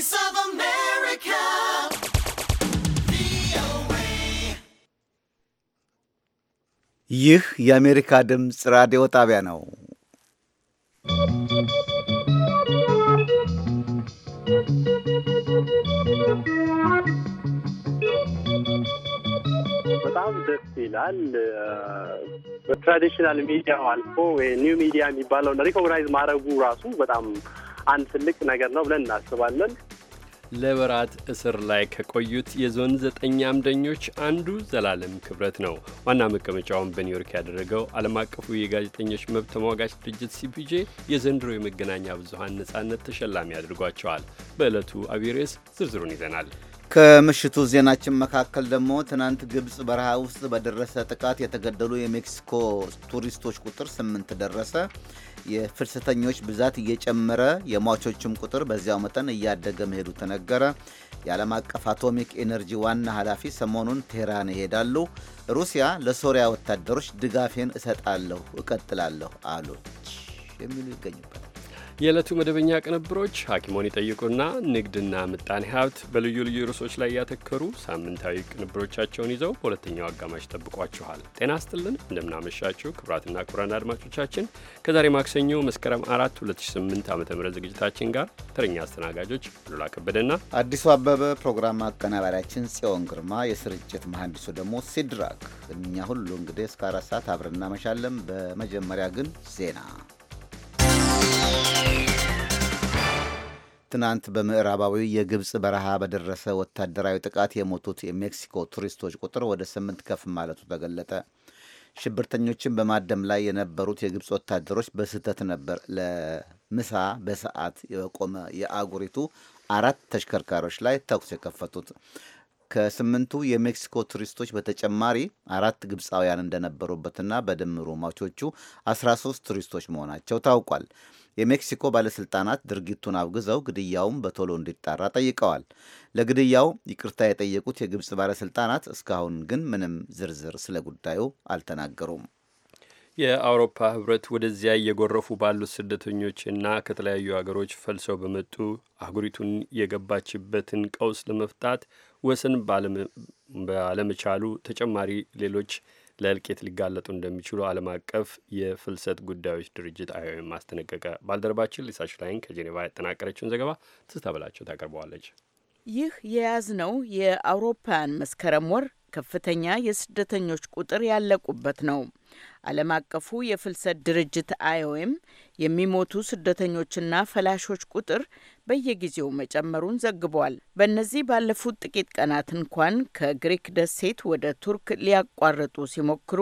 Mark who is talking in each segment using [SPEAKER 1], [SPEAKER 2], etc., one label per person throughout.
[SPEAKER 1] Voice of America.
[SPEAKER 2] ይህ
[SPEAKER 3] የአሜሪካ ድምፅ ራዲዮ ጣቢያ ነው።
[SPEAKER 4] በጣም ደስ ይላል። በትራዲሽናል ሚዲያ አልፎ ኒው ሚዲያ የሚባለውን ሪኮግናይዝ ማድረጉ ራሱ በጣም አንድ ትልቅ ነገር ነው ብለን እናስባለን።
[SPEAKER 5] ለወራት እስር ላይ ከቆዩት የዞን ዘጠኝ አምደኞች አንዱ ዘላለም ክብረት ነው። ዋና መቀመጫውን በኒውዮርክ ያደረገው ዓለም አቀፉ የጋዜጠኞች መብት ተሟጋች ድርጅት ሲፒጄ የዘንድሮ የመገናኛ ብዙሀን ነጻነት ተሸላሚ አድርጓቸዋል። በዕለቱ አቢሬስ ዝርዝሩን ይዘናል።
[SPEAKER 3] ከምሽቱ ዜናችን መካከል ደግሞ ትናንት ግብፅ በረሃ ውስጥ በደረሰ ጥቃት የተገደሉ የሜክሲኮ ቱሪስቶች ቁጥር ስምንት ደረሰ። የፍልሰተኞች ብዛት እየጨመረ የሟቾችም ቁጥር በዚያው መጠን እያደገ መሄዱ ተነገረ። የዓለም አቀፍ አቶሚክ ኤነርጂ ዋና ኃላፊ ሰሞኑን ቴህራን ይሄዳሉ። ሩሲያ ለሶሪያ ወታደሮች ድጋፌን እሰጣለሁ፣ እቀጥላለሁ አሉች የሚሉ ይገኙበታል።
[SPEAKER 5] የዕለቱ መደበኛ ቅንብሮች ሐኪሞን ይጠይቁና ንግድና ምጣኔ ሀብት በልዩ ልዩ ርዕሶች ላይ ያተከሩ ሳምንታዊ ቅንብሮቻቸውን ይዘው በሁለተኛው አጋማሽ ጠብቋችኋል። ጤና ስጥልን፣ እንደምናመሻችሁ ክቡራትና ክቡራን አድማጮቻችን ከዛሬ ማክሰኞ መስከረም 4 2008 ዓ ም ዝግጅታችን ጋር ተረኛ አስተናጋጆች ሉላ ከበደና
[SPEAKER 3] አዲሱ አበበ፣ ፕሮግራም አቀናባሪያችን ጽዮን ግርማ፣ የስርጭት መሐንዲሱ ደግሞ ሲድራክ። እኛ ሁሉ እንግዲህ እስከ አራት ሰዓት አብረን እናመሻለን። በመጀመሪያ ግን ዜና ትናንት በምዕራባዊ የግብፅ በረሃ በደረሰ ወታደራዊ ጥቃት የሞቱት የሜክሲኮ ቱሪስቶች ቁጥር ወደ ስምንት ከፍ ማለቱ ተገለጠ። ሽብርተኞችን በማደም ላይ የነበሩት የግብፅ ወታደሮች በስህተት ነበር ለምሳ በሰዓት የቆመ የአጉሪቱ አራት ተሽከርካሪዎች ላይ ተኩስ የከፈቱት። ከስምንቱ የሜክሲኮ ቱሪስቶች በተጨማሪ አራት ግብፃውያን እንደነበሩበትና በድምሩ ሟቾቹ 13 ቱሪስቶች መሆናቸው ታውቋል። የሜክሲኮ ባለሥልጣናት ድርጊቱን አውግዘው ግድያውም በቶሎ እንዲጣራ ጠይቀዋል። ለግድያው ይቅርታ የጠየቁት የግብፅ ባለሥልጣናት እስካሁን ግን ምንም ዝርዝር ስለ ጉዳዩ አልተናገሩም።
[SPEAKER 5] የአውሮፓ ህብረት ወደዚያ እየጎረፉ ባሉት ስደተኞችና ከተለያዩ አገሮች ፈልሰው በመጡ አህጉሪቱን የገባችበትን ቀውስ ለመፍታት ወሰን ባለመቻሉ ተጨማሪ ሌሎች ለእልቄት ሊጋለጡ እንደሚችሉ ዓለም አቀፍ የፍልሰት ጉዳዮች ድርጅት አይኦኤም አስጠነቀቀ። ባልደረባችን ሊሳ ሽላይን ከጄኔቫ ያጠናቀረችውን ዘገባ ትዝታ በላቸው ታቀርበዋለች።
[SPEAKER 6] ይህ የያዝነው የአውሮፓውያን መስከረም ወር ከፍተኛ የስደተኞች ቁጥር ያለቁበት ነው። ዓለም አቀፉ የፍልሰት ድርጅት አይኦኤም የሚሞቱ ስደተኞችና ፈላሾች ቁጥር በየጊዜው መጨመሩን ዘግቧል። በእነዚህ ባለፉት ጥቂት ቀናት እንኳን ከግሪክ ደሴት ወደ ቱርክ ሊያቋርጡ ሲሞክሩ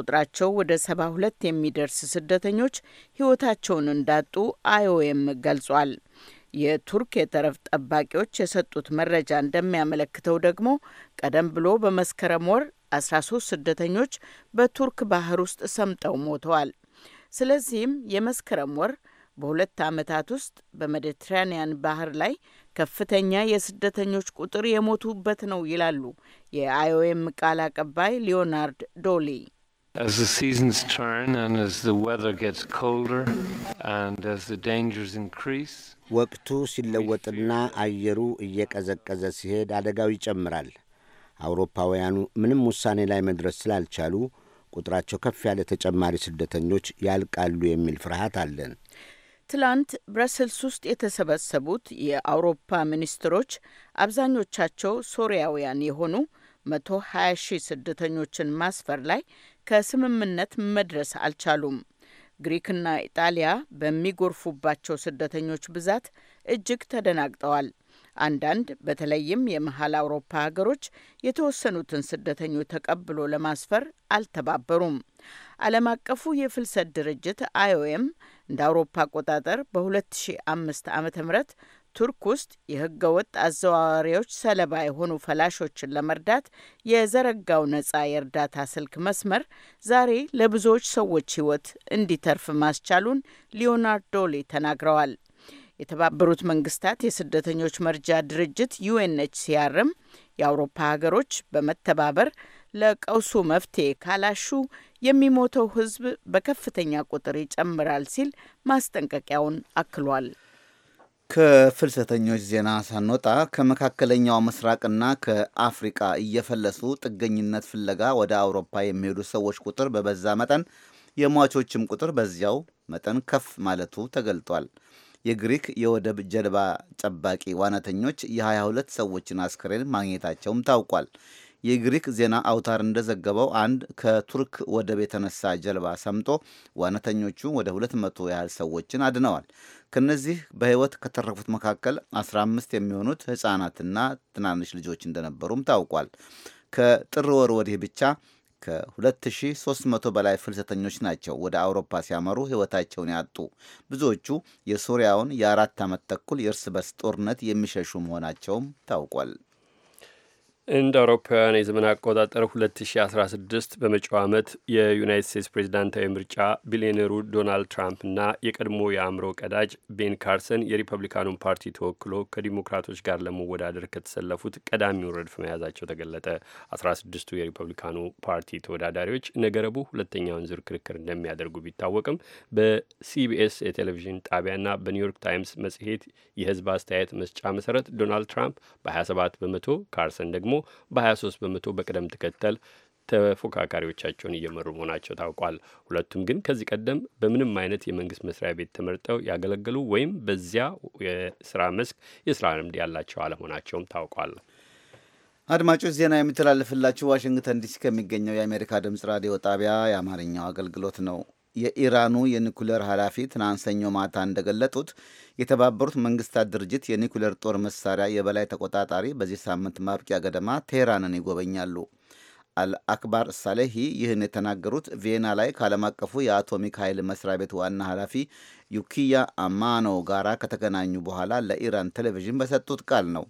[SPEAKER 6] ቁጥራቸው ወደ ሰባ ሁለት የሚደርስ ስደተኞች ሕይወታቸውን እንዳጡ አይኦኤም ገልጿል። የቱርክ የጠረፍ ጠባቂዎች የሰጡት መረጃ እንደሚያመለክተው ደግሞ ቀደም ብሎ በመስከረም ወር 13 ስደተኞች በቱርክ ባህር ውስጥ ሰምጠው ሞተዋል። ስለዚህም የመስከረም ወር በሁለት ዓመታት ውስጥ በሜዲትራኒያን ባህር ላይ ከፍተኛ የስደተኞች ቁጥር የሞቱበት ነው ይላሉ የአይኦኤም ቃል አቀባይ ሊዮናርድ ዶሊ።
[SPEAKER 7] ወቅቱ ሲለወጥና አየሩ እየቀዘቀዘ ሲሄድ አደጋው ይጨምራል። አውሮፓውያኑ ምንም ውሳኔ ላይ መድረስ ስላልቻሉ ቁጥራቸው ከፍ ያለ ተጨማሪ ስደተኞች ያልቃሉ የሚል ፍርሃት አለን።
[SPEAKER 6] ትላንት ብረስልስ ውስጥ የተሰበሰቡት የአውሮፓ ሚኒስትሮች አብዛኞቻቸው ሶሪያውያን የሆኑ መቶ ሀያ ሺህ ስደተኞችን ማስፈር ላይ ከስምምነት መድረስ አልቻሉም። ግሪክና ኢጣሊያ በሚጎርፉባቸው ስደተኞች ብዛት እጅግ ተደናግጠዋል። አንዳንድ በተለይም የመሀል አውሮፓ ሀገሮች የተወሰኑትን ስደተኞች ተቀብሎ ለማስፈር አልተባበሩም። ዓለም አቀፉ የፍልሰት ድርጅት አይኦኤም እንደ አውሮፓ አቆጣጠር በ2005 ዓ ም ቱርክ ውስጥ የህገ ወጥ አዘዋዋሪዎች ሰለባ የሆኑ ፈላሾችን ለመርዳት የዘረጋው ነጻ የእርዳታ ስልክ መስመር ዛሬ ለብዙዎች ሰዎች ህይወት እንዲተርፍ ማስቻሉን ሊዮናርድ ዶሌ ተናግረዋል። የተባበሩት መንግስታት የስደተኞች መርጃ ድርጅት ዩኤንኤችሲአርም የአውሮፓ ሀገሮች በመተባበር ለቀውሱ መፍትሄ ካላሹ የሚሞተው ህዝብ በከፍተኛ ቁጥር ይጨምራል ሲል ማስጠንቀቂያውን አክሏል።
[SPEAKER 3] ከፍልሰተኞች ዜና ሳንወጣ ከመካከለኛው ምስራቅና ከአፍሪቃ እየፈለሱ ጥገኝነት ፍለጋ ወደ አውሮፓ የሚሄዱ ሰዎች ቁጥር በበዛ መጠን የሟቾችም ቁጥር በዚያው መጠን ከፍ ማለቱ ተገልጧል። የግሪክ የወደብ ጀልባ ጠባቂ ዋናተኞች የ22 ሰዎችን አስክሬን ማግኘታቸውም ታውቋል። የግሪክ ዜና አውታር እንደዘገበው አንድ ከቱርክ ወደብ የተነሳ ጀልባ ሰምጦ ዋናተኞቹ ወደ 200 ያህል ሰዎችን አድነዋል። ከነዚህ በሕይወት ከተረፉት መካከል 15 የሚሆኑት ሕፃናትና ትናንሽ ልጆች እንደነበሩም ታውቋል። ከጥር ወር ወዲህ ብቻ ከ2300 በላይ ፍልሰተኞች ናቸው ወደ አውሮፓ ሲያመሩ ሕይወታቸውን ያጡ። ብዙዎቹ የሶሪያውን የአራት ዓመት ተኩል የእርስ በርስ ጦርነት የሚሸሹ መሆናቸውም ታውቋል።
[SPEAKER 5] እንደ አውሮፓውያን የዘመን አቆጣጠር 2016 በመጪው ዓመት የዩናይት ስቴትስ ፕሬዚዳንታዊ ምርጫ ቢሊዮነሩ ዶናልድ ትራምፕ እና የቀድሞ የአእምሮ ቀዳጅ ቤን ካርሰን የሪፐብሊካኑን ፓርቲ ተወክሎ ከዲሞክራቶች ጋር ለመወዳደር ከተሰለፉት ቀዳሚውን ረድፍ መያዛቸው ተገለጠ። 16ቱ የሪፐብሊካኑ ፓርቲ ተወዳዳሪዎች ነገረቡ ሁለተኛውን ዙር ክርክር እንደሚያደርጉ ቢታወቅም በሲቢኤስ የቴሌቪዥን ጣቢያና በኒውዮርክ ታይምስ መጽሔት የህዝብ አስተያየት መስጫ መሰረት ዶናልድ ትራምፕ በ27 በመቶ ካርሰን ደግሞ በ23 በመቶ በቅደም ተከተል ተፎካካሪዎቻቸውን እየመሩ መሆናቸው ታውቋል። ሁለቱም ግን ከዚህ ቀደም በምንም አይነት የመንግስት መስሪያ ቤት ተመርጠው ያገለገሉ ወይም በዚያ የስራ መስክ የስራ ልምድ ያላቸው አለመሆናቸውም ታውቋል።
[SPEAKER 3] አድማጮች ዜና የሚተላለፍላችሁ ዋሽንግተን ዲሲ ከሚገኘው የአሜሪካ ድምጽ ራዲዮ ጣቢያ የአማርኛው አገልግሎት ነው። የኢራኑ የኒኩሌር ኃላፊ ትናንት ሰኞ ማታ እንደገለጡት የተባበሩት መንግስታት ድርጅት የኒኩሌር ጦር መሳሪያ የበላይ ተቆጣጣሪ በዚህ ሳምንት ማብቂያ ገደማ ቴህራንን ይጎበኛሉ። አልአክባር ሳሌሂ ይህን የተናገሩት ቪየና ላይ ከዓለም አቀፉ የአቶሚክ ኃይል መስሪያ ቤት ዋና ኃላፊ ዩኪያ አማኖ ጋራ ከተገናኙ በኋላ ለኢራን ቴሌቪዥን በሰጡት ቃል ነው።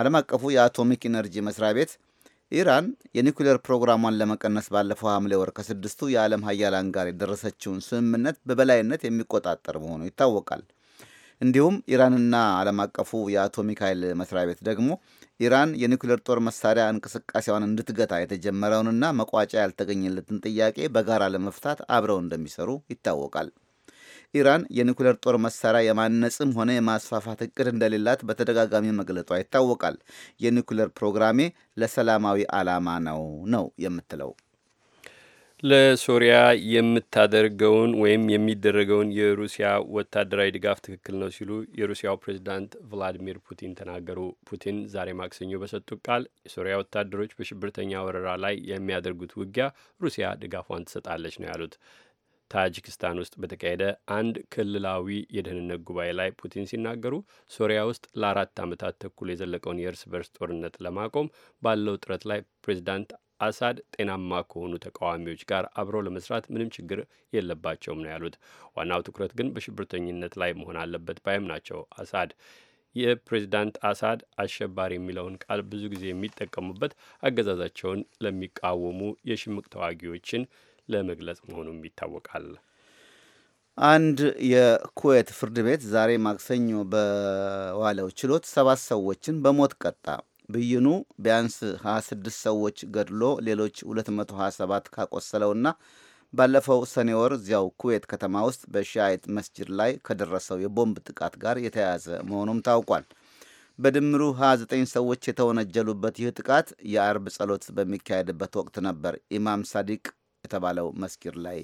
[SPEAKER 3] ዓለም አቀፉ የአቶሚክ ኢነርጂ መስሪያ ቤት ኢራን የኒኩሌር ፕሮግራሟን ለመቀነስ ባለፈው ሐምሌ ወር ከስድስቱ የዓለም ሀያላን ጋር የደረሰችውን ስምምነት በበላይነት የሚቆጣጠር መሆኑ ይታወቃል። እንዲሁም ኢራንና ዓለም አቀፉ የአቶሚክ ኃይል መስሪያ ቤት ደግሞ ኢራን የኒኩሌር ጦር መሳሪያ እንቅስቃሴዋን እንድትገታ የተጀመረውንና መቋጫ ያልተገኘለትን ጥያቄ በጋራ ለመፍታት አብረው እንደሚሰሩ ይታወቃል። ኢራን የኒኩሌር ጦር መሳሪያ የማነጽም ሆነ የማስፋፋት እቅድ እንደሌላት በተደጋጋሚ መግለጧ ይታወቃል። የኒኩሌር ፕሮግራሜ ለሰላማዊ ዓላማ ነው ነው የምትለው
[SPEAKER 5] ለሶሪያ የምታደርገውን ወይም የሚደረገውን የሩሲያ ወታደራዊ ድጋፍ ትክክል ነው ሲሉ የሩሲያው ፕሬዚዳንት ቭላዲሚር ፑቲን ተናገሩ። ፑቲን ዛሬ ማክሰኞ በሰጡት ቃል የሶሪያ ወታደሮች በሽብርተኛ ወረራ ላይ የሚያደርጉት ውጊያ ሩሲያ ድጋፏን ትሰጣለች ነው ያሉት። ታጂክስታን ውስጥ በተካሄደ አንድ ክልላዊ የደህንነት ጉባኤ ላይ ፑቲን ሲናገሩ ሶሪያ ውስጥ ለአራት ዓመታት ተኩል የዘለቀውን የእርስ በርስ ጦርነት ለማቆም ባለው ጥረት ላይ ፕሬዚዳንት አሳድ ጤናማ ከሆኑ ተቃዋሚዎች ጋር አብረው ለመስራት ምንም ችግር የለባቸውም ነው ያሉት። ዋናው ትኩረት ግን በሽብርተኝነት ላይ መሆን አለበት ባይም ናቸው አሳድ የፕሬዚዳንት አሳድ አሸባሪ የሚለውን ቃል ብዙ ጊዜ የሚጠቀሙበት አገዛዛቸውን ለሚቃወሙ የሽምቅ ተዋጊዎችን ለመግለጽ መሆኑም ይታወቃል።
[SPEAKER 3] አንድ የኩዌት ፍርድ ቤት ዛሬ ማክሰኞ በዋለው ችሎት ሰባት ሰዎችን በሞት ቀጣ። ብይኑ ቢያንስ 26 ሰዎች ገድሎ ሌሎች 227 ካቆሰለውና ባለፈው ሰኔ ወር እዚያው ኩዌት ከተማ ውስጥ በሻይት መስጅድ ላይ ከደረሰው የቦምብ ጥቃት ጋር የተያያዘ መሆኑም ታውቋል። በድምሩ 29 ሰዎች የተወነጀሉበት ይህ ጥቃት የአርብ ጸሎት በሚካሄድበት ወቅት ነበር። ኢማም ሳዲቅ የተባለው መስጊድ ላይ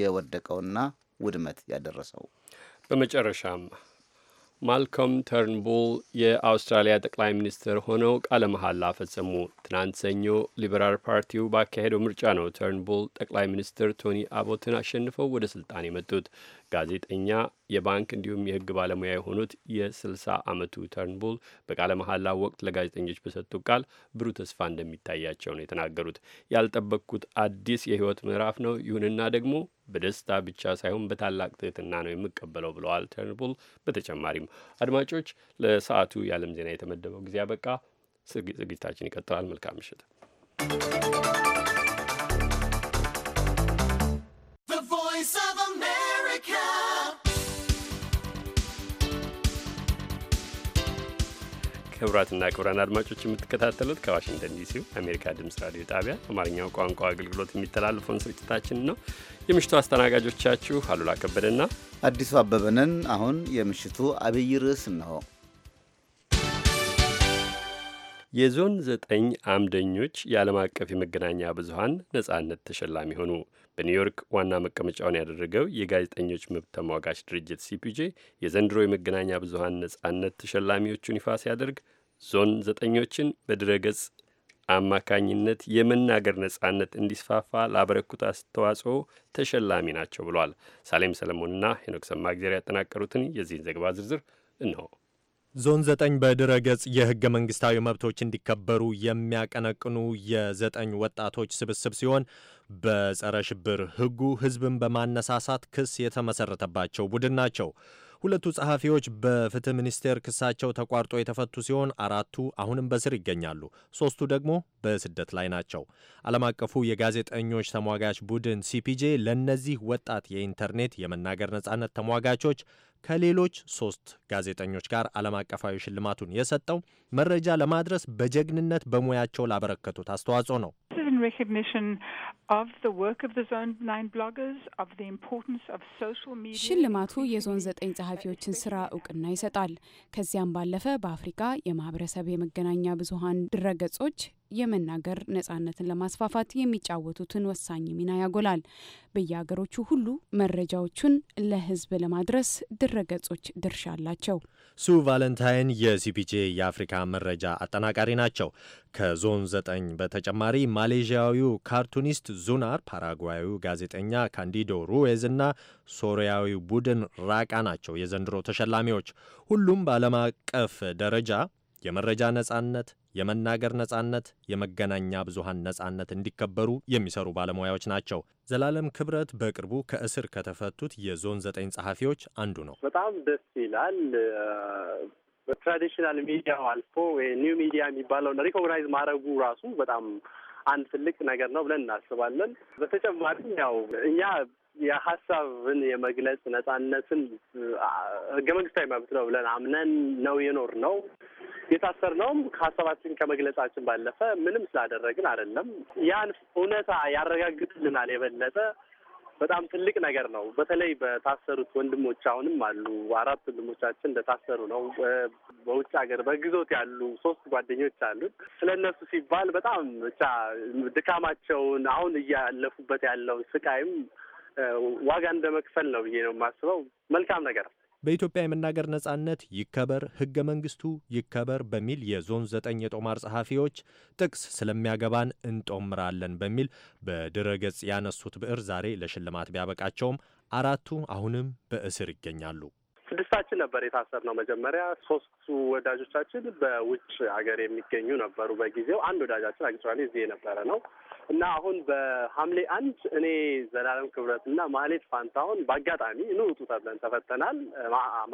[SPEAKER 3] የወደቀውና ውድመት ያደረሰው።
[SPEAKER 5] በመጨረሻም ማልኮም ተርንቡል የአውስትራሊያ ጠቅላይ ሚኒስትር ሆነው ቃለ መሐላ ፈጸሙ። ትናንት ሰኞ ሊበራል ፓርቲው ባካሄደው ምርጫ ነው ተርንቡል ጠቅላይ ሚኒስትር ቶኒ አቦትን አሸንፈው ወደ ስልጣን የመጡት። ጋዜጠኛ፣ የባንክ እንዲሁም የህግ ባለሙያ የሆኑት የ60 ዓመቱ ተርንቡል በቃለ መሐላ ወቅት ለጋዜጠኞች በሰጡት ቃል ብሩህ ተስፋ እንደሚታያቸው ነው የተናገሩት። ያልጠበቅኩት አዲስ የህይወት ምዕራፍ ነው። ይሁንና ደግሞ በደስታ ብቻ ሳይሆን በታላቅ ትህትና ነው የምቀበለው ብለዋል ተርንቡል። በተጨማሪም አድማጮች፣ ለሰዓቱ የዓለም ዜና የተመደበው ጊዜ አበቃ። ዝግጅታችን ይቀጥላል። መልካም ምሽት። ክቡራትና ክቡራን አድማጮች የምትከታተሉት ከዋሽንግተን ዲሲ የአሜሪካ ድምፅ ራዲዮ ጣቢያ አማርኛው ቋንቋ አገልግሎት የሚተላለፈውን ስርጭታችን ነው። የምሽቱ አስተናጋጆቻችሁ አሉላ ከበደና አዲሱ አበበንን። አሁን የምሽቱ አብይ ርዕስ ነው። የዞን ዘጠኝ አምደኞች የዓለም አቀፍ የመገናኛ ብዙሀን ነጻነት ተሸላሚ ሆኑ። በኒውዮርክ ዋና መቀመጫውን ያደረገው የጋዜጠኞች መብት ተሟጋች ድርጅት ሲፒጄ የዘንድሮ የመገናኛ ብዙሀን ነጻነት ተሸላሚዎቹን ይፋ ሲያደርግ ዞን ዘጠኞችን በድረገጽ አማካኝነት የመናገር ነጻነት እንዲስፋፋ ላበረኩት አስተዋጽኦ ተሸላሚ ናቸው ብሏል። ሳሌም ሰለሞንና ሄኖክ ሰማእግዜር ያጠናቀሩትን የዚህን ዘገባ ዝርዝር
[SPEAKER 2] እንሆ። ዞን ዘጠኝ በድረገጽ የህገ መንግስታዊ መብቶች እንዲከበሩ የሚያቀነቅኑ የዘጠኝ ወጣቶች ስብስብ ሲሆን በጸረ ሽብር ህጉ ህዝብን በማነሳሳት ክስ የተመሰረተባቸው ቡድን ናቸው። ሁለቱ ጸሐፊዎች በፍትህ ሚኒስቴር ክሳቸው ተቋርጦ የተፈቱ ሲሆን አራቱ አሁንም በስር ይገኛሉ። ሶስቱ ደግሞ በስደት ላይ ናቸው። ዓለም አቀፉ የጋዜጠኞች ተሟጋች ቡድን ሲፒጄ ለእነዚህ ወጣት የኢንተርኔት የመናገር ነጻነት ተሟጋቾች ከሌሎች ሶስት ጋዜጠኞች ጋር ዓለም አቀፋዊ ሽልማቱን የሰጠው መረጃ ለማድረስ በጀግንነት በሙያቸው ላበረከቱት አስተዋጽኦ ነው።
[SPEAKER 8] ሽልማቱ
[SPEAKER 1] የዞን ዘጠኝ ጸሐፊዎችን ስራ እውቅና ይሰጣል። ከዚያም ባለፈ በአፍሪካ የማህበረሰብ የመገናኛ ብዙሀን ድረገጾች የመናገር ነጻነትን ለማስፋፋት የሚጫወቱትን ወሳኝ ሚና ያጎላል። በየሀገሮቹ ሁሉ መረጃዎቹን ለህዝብ ለማድረስ ድረገጾች ድርሻ አላቸው።
[SPEAKER 2] ሱ ቫለንታይን የሲፒጄ የአፍሪካ መረጃ አጠናቃሪ ናቸው። ከዞን ዘጠኝ በተጨማሪ ማሌዥያዊው ካርቱኒስት ዙናር፣ ፓራጓዩ ጋዜጠኛ ካንዲዶ ሩዌዝ እና ሶሪያዊው ቡድን ራቃ ናቸው የዘንድሮ ተሸላሚዎች። ሁሉም በዓለም አቀፍ ደረጃ የመረጃ ነጻነት የመናገር ነጻነት፣ የመገናኛ ብዙሃን ነጻነት እንዲከበሩ የሚሰሩ ባለሙያዎች ናቸው። ዘላለም ክብረት በቅርቡ ከእስር ከተፈቱት የዞን ዘጠኝ ጸሐፊዎች አንዱ ነው።
[SPEAKER 4] በጣም ደስ ይላል። በትራዲሽናል ሚዲያው አልፎ ኒው ሚዲያ የሚባለውን ሪኮግናይዝ ማድረጉ ራሱ በጣም አንድ ትልቅ ነገር ነው ብለን እናስባለን። በተጨማሪም ያው እኛ የሀሳብን የመግለጽ ነጻነትን ህገ መንግስታዊ መብት ነው ብለን አምነን ነው የኖር ነው የታሰር ነውም ከሀሳባችን ከመግለጻችን ባለፈ ምንም ስላደረግን አይደለም። ያን እውነታ ያረጋግጥልናል የበለጠ በጣም ትልቅ ነገር ነው። በተለይ በታሰሩት ወንድሞች አሁንም አሉ። አራት ወንድሞቻችን እንደታሰሩ ነው። በውጭ ሀገር በግዞት ያሉ ሶስት ጓደኞች አሉ ስለ እነሱ ሲባል በጣም ብቻ ድካማቸውን አሁን እያለፉበት ያለውን ስቃይም ዋጋ እንደ መክፈል ነው ብዬ ነው የማስበው። መልካም ነገር
[SPEAKER 2] በኢትዮጵያ የመናገር ነጻነት ይከበር፣ ህገ መንግስቱ ይከበር በሚል የዞን ዘጠኝ የጦማር ጸሐፊዎች ጥቅስ ስለሚያገባን እንጦምራለን በሚል በድረገጽ ያነሱት ብዕር ዛሬ ለሽልማት ቢያበቃቸውም አራቱ አሁንም በእስር ይገኛሉ።
[SPEAKER 4] ስድስታችን ነበር የታሰር ነው። መጀመሪያ ሶስቱ ወዳጆቻችን በውጭ ሀገር የሚገኙ ነበሩ። በጊዜው አንድ ወዳጃችን አክቹዋሊ እዚህ የነበረ ነው እና አሁን በሐምሌ አንድ እኔ ዘላለም ክብረት እና ማህሌት ፋንታሁን በአጋጣሚ እንውጡ ተብለን ተፈተናል።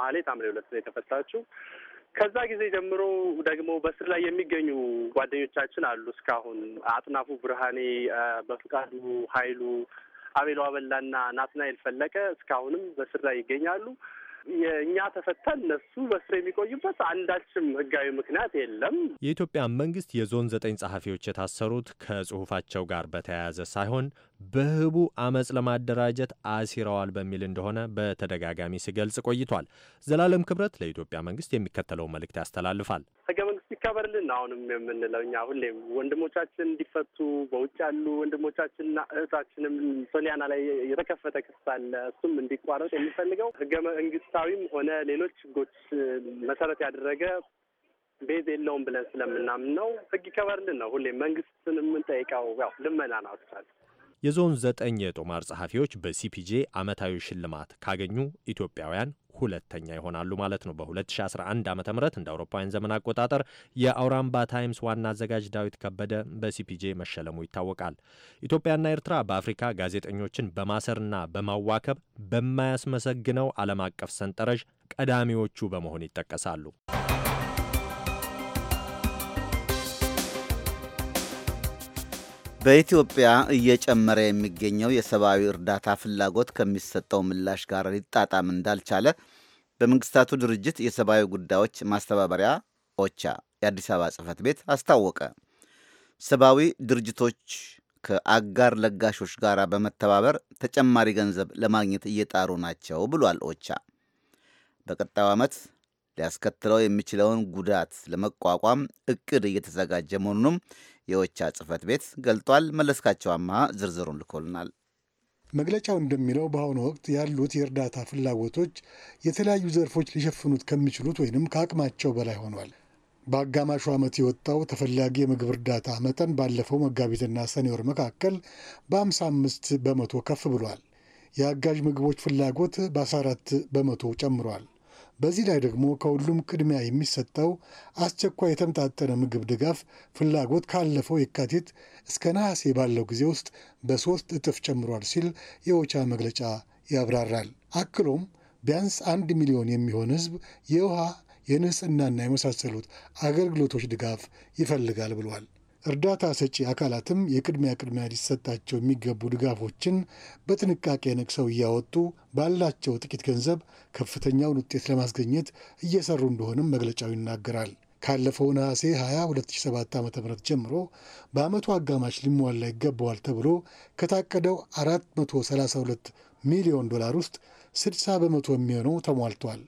[SPEAKER 4] ማህሌት ሐምሌ ሁለት ነው የተፈታችው። ከዛ ጊዜ ጀምሮ ደግሞ በስር ላይ የሚገኙ ጓደኞቻችን አሉ። እስካሁን አጥናፉ ብርሃኔ፣ በፍቃዱ ኃይሉ፣ አቤሎ አበላና ናትናኤል ፈለቀ እስካሁንም በስር ላይ ይገኛሉ። የእኛ ተፈተን እነሱ በስር የሚቆዩበት አንዳችም ህጋዊ ምክንያት የለም።
[SPEAKER 2] የኢትዮጵያ መንግስት የዞን ዘጠኝ ጸሐፊዎች የታሰሩት ከጽሁፋቸው ጋር በተያያዘ ሳይሆን በህቡ አመፅ ለማደራጀት አሲረዋል በሚል እንደሆነ በተደጋጋሚ ሲገልጽ ቆይቷል። ዘላለም ክብረት ለኢትዮጵያ መንግስት የሚከተለው መልእክት ያስተላልፋል።
[SPEAKER 4] ይከበርልን አሁንም የምንለው እኛ ሁሌም ወንድሞቻችን እንዲፈቱ በውጭ ያሉ ወንድሞቻችንና እህታችንም ሶሊያና ላይ የተከፈተ ክስ አለ። እሱም እንዲቋረጥ የሚፈልገው ህገ መንግስታዊም ሆነ ሌሎች ህጎች መሰረት ያደረገ ቤዝ የለውም ብለን ስለምናምን ነው። ህግ ይከበርልን ነው ሁሌም መንግስትን የምንጠይቀው። ያው ልመና ነው አስቻል
[SPEAKER 2] የዞን ዘጠኝ የጦማር ጸሐፊዎች በሲፒጄ ዓመታዊ ሽልማት ካገኙ ኢትዮጵያውያን ሁለተኛ ይሆናሉ ማለት ነው። በ2011 ዓ ም እንደ አውሮፓውያን ዘመን አቆጣጠር የአውራምባ ታይምስ ዋና አዘጋጅ ዳዊት ከበደ በሲፒጄ መሸለሙ ይታወቃል። ኢትዮጵያና ኤርትራ በአፍሪካ ጋዜጠኞችን በማሰርና በማዋከብ በማያስመሰግነው ዓለም አቀፍ ሰንጠረዥ ቀዳሚዎቹ በመሆን ይጠቀሳሉ።
[SPEAKER 3] በኢትዮጵያ እየጨመረ የሚገኘው የሰብአዊ እርዳታ ፍላጎት ከሚሰጠው ምላሽ ጋር ሊጣጣም እንዳልቻለ በመንግስታቱ ድርጅት የሰብአዊ ጉዳዮች ማስተባበሪያ ኦቻ የአዲስ አበባ ጽህፈት ቤት አስታወቀ። ሰብአዊ ድርጅቶች ከአጋር ለጋሾች ጋር በመተባበር ተጨማሪ ገንዘብ ለማግኘት እየጣሩ ናቸው ብሏል ኦቻ። በቀጣዩ ዓመት ሊያስከትለው የሚችለውን ጉዳት ለመቋቋም እቅድ እየተዘጋጀ መሆኑንም የወቻ ጽህፈት ቤት ገልጧል። መለስካቸው አማ ዝርዝሩን ልኮልናል።
[SPEAKER 9] መግለጫው እንደሚለው በአሁኑ ወቅት ያሉት የእርዳታ ፍላጎቶች የተለያዩ ዘርፎች ሊሸፍኑት ከሚችሉት ወይንም ከአቅማቸው በላይ ሆኗል። በአጋማሹ ዓመት የወጣው ተፈላጊ የምግብ እርዳታ መጠን ባለፈው መጋቢትና ሰኔ ወር መካከል በ55 በመቶ ከፍ ብሏል። የአጋዥ ምግቦች ፍላጎት በ14 በመቶ ጨምሯል። በዚህ ላይ ደግሞ ከሁሉም ቅድሚያ የሚሰጠው አስቸኳይ የተመጣጠነ ምግብ ድጋፍ ፍላጎት ካለፈው የካቲት እስከ ነሐሴ ባለው ጊዜ ውስጥ በሶስት እጥፍ ጨምሯል ሲል የኦቻ መግለጫ ያብራራል። አክሎም ቢያንስ አንድ ሚሊዮን የሚሆን ሕዝብ የውሃ የንጽህናና የመሳሰሉት አገልግሎቶች ድጋፍ ይፈልጋል ብሏል። እርዳታ ሰጪ አካላትም የቅድሚያ ቅድሚያ ሊሰጣቸው የሚገቡ ድጋፎችን በጥንቃቄ ነቅሰው እያወጡ ባላቸው ጥቂት ገንዘብ ከፍተኛውን ውጤት ለማስገኘት እየሰሩ እንደሆንም መግለጫው ይናገራል። ካለፈው ነሐሴ 20 2007 ዓ.ም ጀምሮ በአመቱ አጋማሽ ሊሟላ ይገባዋል ተብሎ ከታቀደው 432 ሚሊዮን ዶላር ውስጥ 60 በመቶ የሚሆነው ተሟልቷል።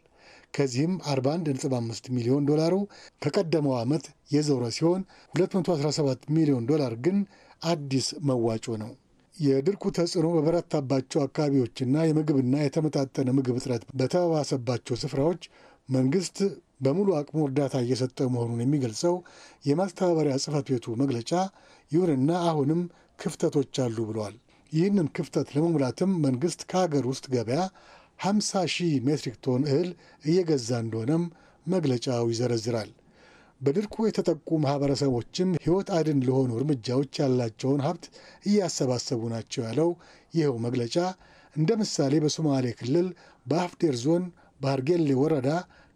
[SPEAKER 9] ከዚህም 41.5 ሚሊዮን ዶላሩ ከቀደመው ዓመት የዞረ ሲሆን 217 ሚሊዮን ዶላር ግን አዲስ መዋጮ ነው። የድርቁ ተጽዕኖ በበረታባቸው አካባቢዎችና የምግብና የተመጣጠነ ምግብ እጥረት በተባባሰባቸው ስፍራዎች መንግስት በሙሉ አቅሙ እርዳታ እየሰጠ መሆኑን የሚገልጸው የማስተባበሪያ ጽፈት ቤቱ መግለጫ፣ ይሁንና አሁንም ክፍተቶች አሉ ብለዋል። ይህንን ክፍተት ለመሙላትም መንግስት ከሀገር ውስጥ ገበያ 50 ሺህ ሜትሪክ ቶን እህል እየገዛ እንደሆነም መግለጫው ይዘረዝራል። በድርቁ የተጠቁ ማህበረሰቦችም ሕይወት አድን ለሆኑ እርምጃዎች ያላቸውን ሀብት እያሰባሰቡ ናቸው ያለው ይኸው መግለጫ እንደ ምሳሌ በሶማሌ ክልል በአፍዴር ዞን በሀርጌሌ ወረዳ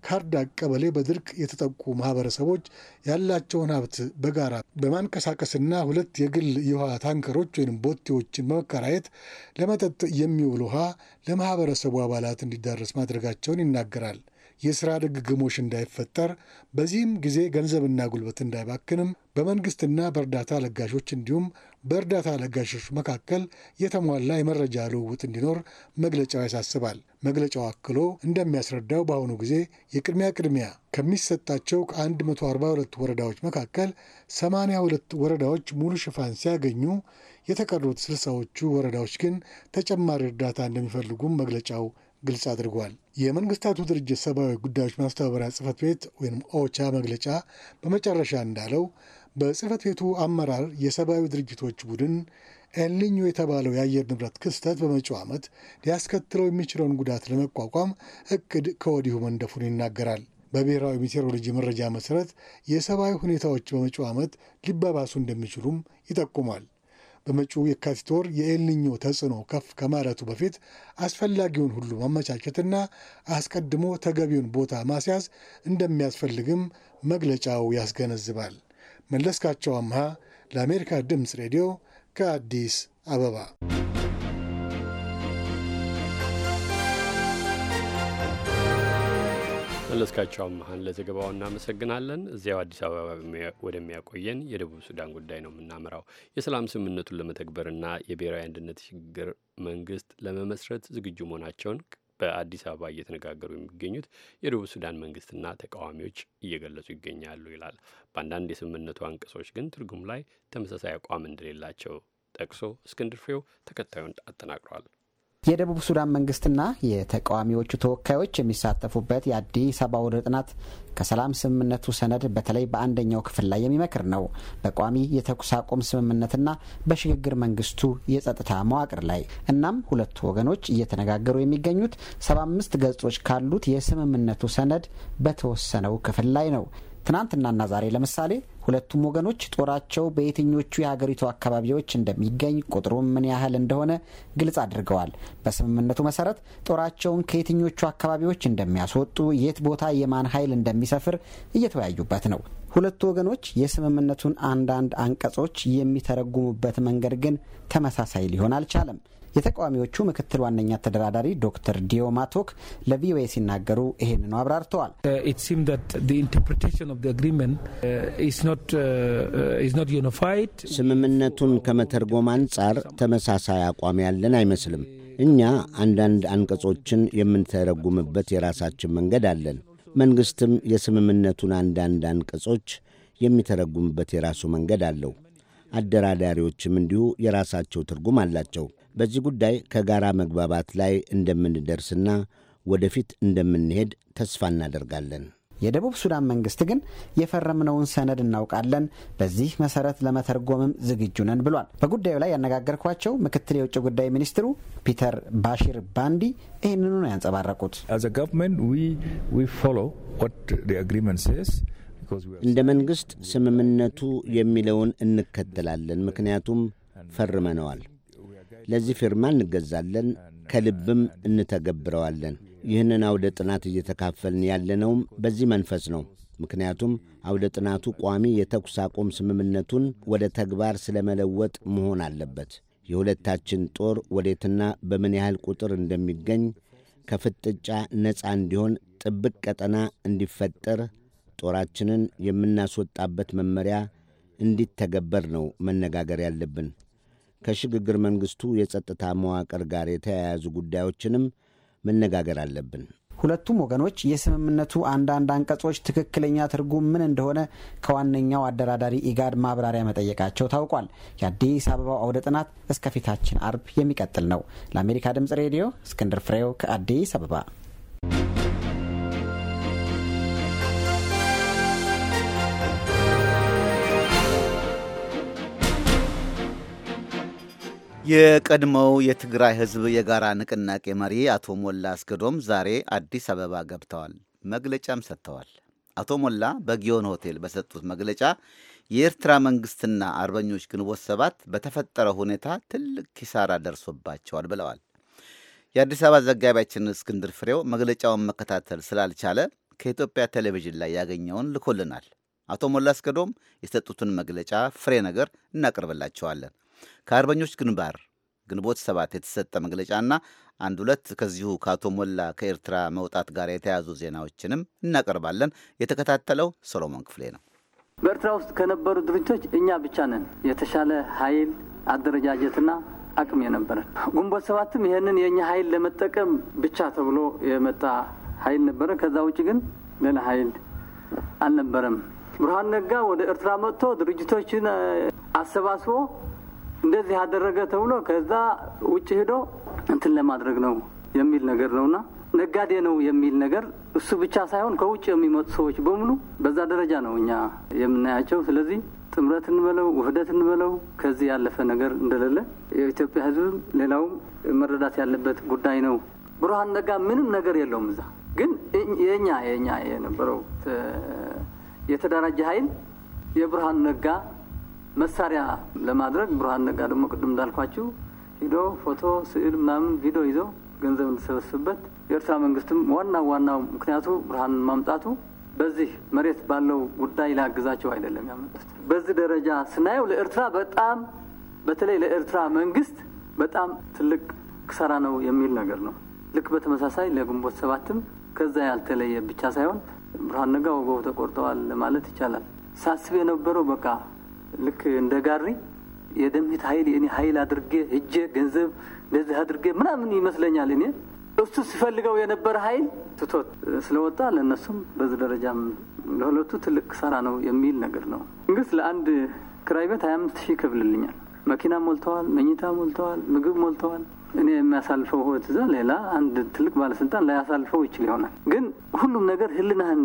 [SPEAKER 9] ካርዳ ቀበሌ በድርቅ የተጠቁ ማህበረሰቦች ያላቸውን ሀብት በጋራ በማንቀሳቀስና ሁለት የግል የውሃ ታንከሮች ወይም ቦቴዎችን በመከራየት ለመጠጥ የሚውል ውሃ ለማህበረሰቡ አባላት እንዲዳረስ ማድረጋቸውን ይናገራል። የሥራ ድግግሞሽ እንዳይፈጠር፣ በዚህም ጊዜ ገንዘብና ጉልበት እንዳይባክንም በመንግሥትና በእርዳታ ለጋሾች እንዲሁም በእርዳታ ለጋሾች መካከል የተሟላ የመረጃ ልውውጥ እንዲኖር መግለጫው ያሳስባል። መግለጫው አክሎ እንደሚያስረዳው በአሁኑ ጊዜ የቅድሚያ ቅድሚያ ከሚሰጣቸው ከ142 ወረዳዎች መካከል 82 ወረዳዎች ሙሉ ሽፋን ሲያገኙ የተቀሩት ስልሳዎቹ ወረዳዎች ግን ተጨማሪ እርዳታ እንደሚፈልጉም መግለጫው ግልጽ አድርጓል። የመንግስታቱ ድርጅት ሰብአዊ ጉዳዮች ማስተባበሪያ ጽህፈት ቤት ወይም ኦቻ መግለጫ በመጨረሻ እንዳለው በጽህፈት ቤቱ አመራር የሰብአዊ ድርጅቶች ቡድን ኤልኒኞ የተባለው የአየር ንብረት ክስተት በመጪው ዓመት ሊያስከትለው የሚችለውን ጉዳት ለመቋቋም እቅድ ከወዲሁ መንደፉን ይናገራል። በብሔራዊ ሜቴሮሎጂ መረጃ መሠረት የሰብአዊ ሁኔታዎች በመጪው ዓመት ሊባባሱ እንደሚችሉም ይጠቁማል። በመጪው የካቲት ወር የኤልኒኞ ተጽዕኖ ከፍ ከማለቱ በፊት አስፈላጊውን ሁሉ ማመቻቸትና አስቀድሞ ተገቢውን ቦታ ማስያዝ እንደሚያስፈልግም መግለጫው ያስገነዝባል። መለስካቸው አምሃ ለአሜሪካ ድምፅ ሬዲዮ ከአዲስ አበባ
[SPEAKER 5] መለስካቸው አመሀን ለዘገባው እናመሰግናለን። እዚያው አዲስ አበባ ወደሚያቆየን የደቡብ ሱዳን ጉዳይ ነው የምናመራው። የሰላም ስምምነቱን ለመተግበርና የብሔራዊ አንድነት ሽግግር መንግስት ለመመስረት ዝግጁ መሆናቸውን በአዲስ አበባ እየተነጋገሩ የሚገኙት የደቡብ ሱዳን መንግስትና ተቃዋሚዎች እየገለጹ ይገኛሉ ይላል። በአንዳንድ የስምምነቱ አንቀጾች ግን ትርጉም ላይ ተመሳሳይ አቋም እንደሌላቸው ጠቅሶ እስክንድር ፍሬው ተከታዩን አጠናቅሯል።
[SPEAKER 10] የደቡብ ሱዳን መንግስትና የተቃዋሚዎቹ ተወካዮች የሚሳተፉበት የአዲስ አበባ ውህደ ጥናት ከሰላም ስምምነቱ ሰነድ በተለይ በአንደኛው ክፍል ላይ የሚመክር ነው። በቋሚ የተኩስ አቁም ስምምነትና በሽግግር መንግስቱ የጸጥታ መዋቅር ላይ እናም ሁለቱ ወገኖች እየተነጋገሩ የሚገኙት ሰባ አምስት ገጾች ካሉት የስምምነቱ ሰነድ በተወሰነው ክፍል ላይ ነው። ትናንትናና ዛሬ ለምሳሌ ሁለቱም ወገኖች ጦራቸው በየትኞቹ የሀገሪቱ አካባቢዎች እንደሚገኝ ቁጥሩም ምን ያህል እንደሆነ ግልጽ አድርገዋል። በስምምነቱ መሰረት ጦራቸውን ከየትኞቹ አካባቢዎች እንደሚያስወጡ፣ የት ቦታ የማን ኃይል እንደሚሰፍር እየተወያዩበት ነው። ሁለቱ ወገኖች የስምምነቱን አንዳንድ አንቀጾች የሚተረጉሙበት መንገድ ግን ተመሳሳይ ሊሆን አልቻለም። የተቃዋሚዎቹ ምክትል ዋነኛ ተደራዳሪ ዶክተር ዲዮ ማቶክ ለቪኦኤ ሲናገሩ ይህንኑ አብራርተዋል። uh,
[SPEAKER 11] uh,
[SPEAKER 7] uh, ስምምነቱን ከመተርጎም አንጻር ተመሳሳይ አቋም ያለን አይመስልም። እኛ አንዳንድ አንቀጾችን የምንተረጉምበት የራሳችን መንገድ አለን። መንግሥትም የስምምነቱን አንዳንድ አንቀጾች የሚተረጉምበት የራሱ መንገድ አለው። አደራዳሪዎችም እንዲሁ የራሳቸው ትርጉም አላቸው። በዚህ ጉዳይ ከጋራ መግባባት ላይ እንደምንደርስና ወደፊት እንደምንሄድ ተስፋ እናደርጋለን። የደቡብ ሱዳን መንግስት ግን የፈረምነውን ሰነድ እናውቃለን፣ በዚህ መሰረት
[SPEAKER 10] ለመተርጎምም ዝግጁ ነን ብሏል። በጉዳዩ ላይ ያነጋገርኳቸው ምክትል የውጭ ጉዳይ ሚኒስትሩ ፒተር ባሺር ባንዲ ይህንኑ ነው ያንጸባረቁት።
[SPEAKER 6] እንደ
[SPEAKER 7] መንግስት ስምምነቱ የሚለውን እንከተላለን፣ ምክንያቱም ፈርመነዋል። ለዚህ ፊርማ እንገዛለን፣ ከልብም እንተገብረዋለን። ይህንን አውደ ጥናት እየተካፈልን ያለነውም በዚህ መንፈስ ነው። ምክንያቱም አውደ ጥናቱ ቋሚ የተኩስ አቁም ስምምነቱን ወደ ተግባር ስለመለወጥ መሆን አለበት። የሁለታችን ጦር ወዴትና በምን ያህል ቁጥር እንደሚገኝ ከፍጥጫ ነፃ እንዲሆን ጥብቅ ቀጠና እንዲፈጠር ጦራችንን የምናስወጣበት መመሪያ እንዲተገበር ነው መነጋገር ያለብን። ከሽግግር መንግስቱ የጸጥታ መዋቅር ጋር የተያያዙ ጉዳዮችንም መነጋገር አለብን።
[SPEAKER 10] ሁለቱም ወገኖች የስምምነቱ አንዳንድ አንቀጾች ትክክለኛ ትርጉም ምን እንደሆነ ከዋነኛው አደራዳሪ ኢጋድ ማብራሪያ መጠየቃቸው ታውቋል። የአዲስ አበባው አውደ ጥናት እስከ ፊታችን አርብ የሚቀጥል ነው። ለአሜሪካ ድምጽ ሬዲዮ እስክንድር ፍሬው ከአዲስ አበባ
[SPEAKER 3] የቀድሞው የትግራይ ህዝብ የጋራ ንቅናቄ መሪ አቶ ሞላ አስገዶም ዛሬ አዲስ አበባ ገብተዋል። መግለጫም ሰጥተዋል። አቶ ሞላ በጊዮን ሆቴል በሰጡት መግለጫ የኤርትራ መንግስትና አርበኞች ግንቦት ሰባት በተፈጠረ ሁኔታ ትልቅ ኪሳራ ደርሶባቸዋል ብለዋል። የአዲስ አበባ ዘጋቢያችን እስክንድር ፍሬው መግለጫውን መከታተል ስላልቻለ ከኢትዮጵያ ቴሌቪዥን ላይ ያገኘውን ልኮልናል። አቶ ሞላ አስገዶም የሰጡትን መግለጫ ፍሬ ነገር እናቀርብላቸዋለን። ከአርበኞች ግንባር ግንቦት ሰባት የተሰጠ መግለጫና አንድ ሁለት ከዚሁ ከአቶ ሞላ ከኤርትራ መውጣት ጋር የተያዙ ዜናዎችንም እናቀርባለን። የተከታተለው ሰሎሞን ክፍሌ ነው።
[SPEAKER 12] በኤርትራ ውስጥ ከነበሩ ድርጅቶች እኛ ብቻ ነን የተሻለ ኃይል አደረጃጀትና አቅም የነበረን። ግንቦት ሰባትም ይህንን የእኛ ኃይል ለመጠቀም ብቻ ተብሎ የመጣ ኃይል ነበረ። ከዛ ውጭ ግን ሌላ ኃይል አልነበረም። ብርሃን ነጋ ወደ ኤርትራ መጥቶ ድርጅቶችን አሰባስቦ እንደዚህ ያደረገ ተብሎ ከዛ ውጭ ሄዶ እንትን ለማድረግ ነው የሚል ነገር ነውና ነጋዴ ነው የሚል ነገር እሱ ብቻ ሳይሆን ከውጭ የሚመጡ ሰዎች በሙሉ በዛ ደረጃ ነው እኛ የምናያቸው። ስለዚህ ጥምረት እንበለው ውህደት እንበለው ከዚህ ያለፈ ነገር እንደሌለ የኢትዮጵያ ህዝብ ሌላውም መረዳት ያለበት ጉዳይ ነው። ብርሃን ነጋ ምንም ነገር የለውም እዛ። ግን የኛ የኛ የነበረው የተደራጀ ኃይል የብርሃን ነጋ መሳሪያ ለማድረግ ብርሃን ነጋ ደግሞ ቅድም እንዳልኳችሁ ሂዶ ፎቶ፣ ስዕል፣ ምናምን ቪዲዮ ይዘው ገንዘብ እንዲሰበስብበት የኤርትራ መንግስትም ዋና ዋናው ምክንያቱ ብርሃንን ማምጣቱ በዚህ መሬት ባለው ጉዳይ ላግዛቸው አይደለም ያመጡት። በዚህ ደረጃ ስናየው ለኤርትራ በጣም በተለይ ለኤርትራ መንግስት በጣም ትልቅ ክሰራ ነው የሚል ነገር ነው። ልክ በተመሳሳይ ለግንቦት ሰባትም ከዛ ያልተለየ ብቻ ሳይሆን ብርሃን ነጋ ወገቡ ተቆርጠዋል ማለት ይቻላል። ሳስብ የነበረው በቃ ልክ እንደ ጋሪ የደምህት ኃይል የእኔ ኃይል አድርጌ እጄ ገንዘብ እንደዚህ አድርጌ ምናምን ይመስለኛል እኔ እሱ ሲፈልገው የነበረ ኃይል ትቶት ስለወጣ ለእነሱም በዚህ ደረጃም ለሁለቱ ትልቅ ሰራ ነው የሚል ነገር ነው። መንግስት ለአንድ ክራይ ቤት ሀያ አምስት ሺህ ይከፍልልኛል። መኪና ሞልተዋል፣ መኝታ ሞልተዋል፣ ምግብ ሞልተዋል። እኔ የሚያሳልፈው ህይወት እዛ ሌላ አንድ ትልቅ ባለስልጣን ላያሳልፈው ይችል ይሆናል። ግን ሁሉም ነገር ህልናህን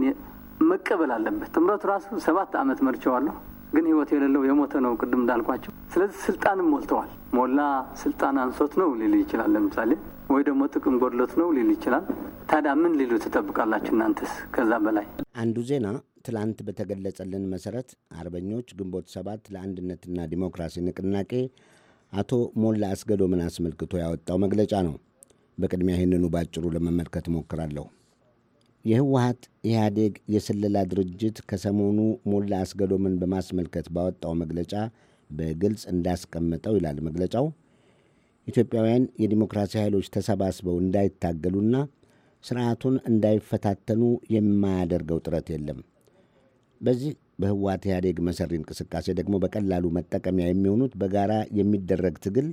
[SPEAKER 12] መቀበል አለበት። ትምህርት ራሱ ሰባት አመት መርቸዋለሁ። ግን ህይወት የሌለው የሞተ ነው፣ ቅድም እንዳልኳቸው። ስለዚህ ስልጣንም ሞልተዋል። ሞላ ስልጣን አንሶት ነው ሊል ይችላል ለምሳሌ፣ ወይ ደግሞ ጥቅም ጎድሎት ነው ሊል ይችላል። ታዲያ ምን ሊሉ ትጠብቃላችሁ እናንተስ? ከዛ በላይ
[SPEAKER 7] አንዱ ዜና ትላንት በተገለጸልን መሰረት አርበኞች ግንቦት ሰባት ለአንድነትና ዲሞክራሲ ንቅናቄ አቶ ሞላ አስገዶምን አስመልክቶ ያወጣው መግለጫ ነው። በቅድሚያ ይህንኑ ባጭሩ ለመመልከት እሞክራለሁ። የህወሀት ኢህአዴግ የስለላ ድርጅት ከሰሞኑ ሞላ አስገዶምን በማስመልከት ባወጣው መግለጫ በግልጽ እንዳስቀመጠው ይላል መግለጫው ኢትዮጵያውያን የዲሞክራሲ ኃይሎች ተሰባስበው እንዳይታገሉና ስርዓቱን እንዳይፈታተኑ የማያደርገው ጥረት የለም። በዚህ በህወሀት ኢህአዴግ መሰሪ እንቅስቃሴ ደግሞ በቀላሉ መጠቀሚያ የሚሆኑት በጋራ የሚደረግ ትግል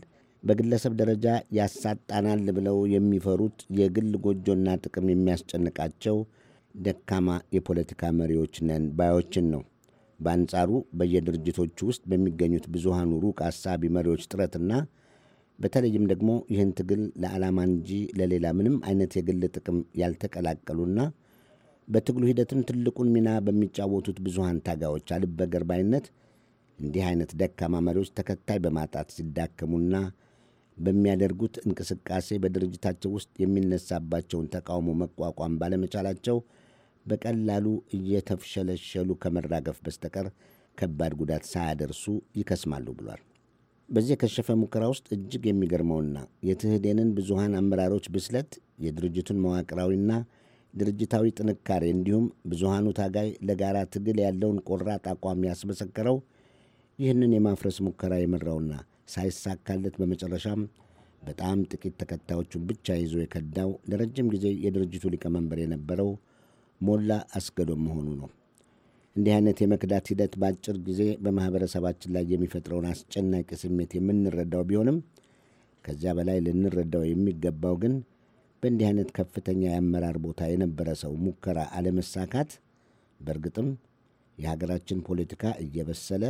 [SPEAKER 7] በግለሰብ ደረጃ ያሳጣናል ብለው የሚፈሩት የግል ጎጆና ጥቅም የሚያስጨንቃቸው ደካማ የፖለቲካ መሪዎች ነን ባዮችን ነው። በአንጻሩ በየድርጅቶቹ ውስጥ በሚገኙት ብዙሃኑ ሩቅ አሳቢ መሪዎች ጥረትና በተለይም ደግሞ ይህን ትግል ለዓላማ እንጂ ለሌላ ምንም አይነት የግል ጥቅም ያልተቀላቀሉና በትግሉ ሂደትም ትልቁን ሚና በሚጫወቱት ብዙሃን ታጋዮች አልበገርባይነት እንዲህ አይነት ደካማ መሪዎች ተከታይ በማጣት ሲዳከሙና በሚያደርጉት እንቅስቃሴ በድርጅታቸው ውስጥ የሚነሳባቸውን ተቃውሞ መቋቋም ባለመቻላቸው በቀላሉ እየተፍሸለሸሉ ከመራገፍ በስተቀር ከባድ ጉዳት ሳያደርሱ ይከስማሉ ብሏል። በዚህ የከሸፈ ሙከራ ውስጥ እጅግ የሚገርመውና የትህዴንን ብዙሃን አመራሮች ብስለት የድርጅቱን መዋቅራዊና ድርጅታዊ ጥንካሬ እንዲሁም ብዙሃኑ ታጋይ ለጋራ ትግል ያለውን ቆራጥ አቋም ያስመሰከረው ይህንን የማፍረስ ሙከራ የመራውና ሳይሳካለት በመጨረሻም በጣም ጥቂት ተከታዮቹን ብቻ ይዞ የከዳው ለረጅም ጊዜ የድርጅቱ ሊቀመንበር የነበረው ሞላ አስገዶም መሆኑ ነው። እንዲህ አይነት የመክዳት ሂደት በአጭር ጊዜ በማኅበረሰባችን ላይ የሚፈጥረውን አስጨናቂ ስሜት የምንረዳው ቢሆንም ከዚያ በላይ ልንረዳው የሚገባው ግን በእንዲህ አይነት ከፍተኛ የአመራር ቦታ የነበረ ሰው ሙከራ አለመሳካት በእርግጥም የሀገራችን ፖለቲካ እየበሰለ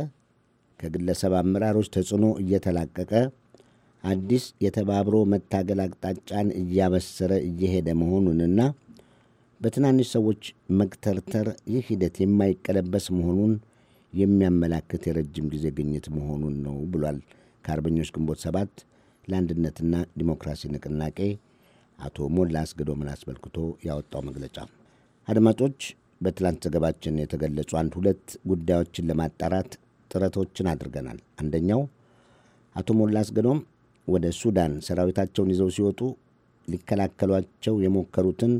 [SPEAKER 7] ከግለሰብ አመራሮች ተጽዕኖ እየተላቀቀ አዲስ የተባብሮ መታገል አቅጣጫን እያበሰረ እየሄደ መሆኑንና በትናንሽ ሰዎች መግተርተር ይህ ሂደት የማይቀለበስ መሆኑን የሚያመላክት የረጅም ጊዜ ግኝት መሆኑን ነው ብሏል። ከአርበኞች ግንቦት ሰባት ለአንድነትና ዲሞክራሲ ንቅናቄ አቶ ሞላ አስገዶምን አስመልክቶ ያወጣው መግለጫ። አድማጮች፣ በትላንት ዘገባችን የተገለጹ አንድ ሁለት ጉዳዮችን ለማጣራት ጥረቶችን አድርገናል። አንደኛው አቶ ሞላ አስገዶም ወደ ሱዳን ሰራዊታቸውን ይዘው ሲወጡ ሊከላከሏቸው የሞከሩትን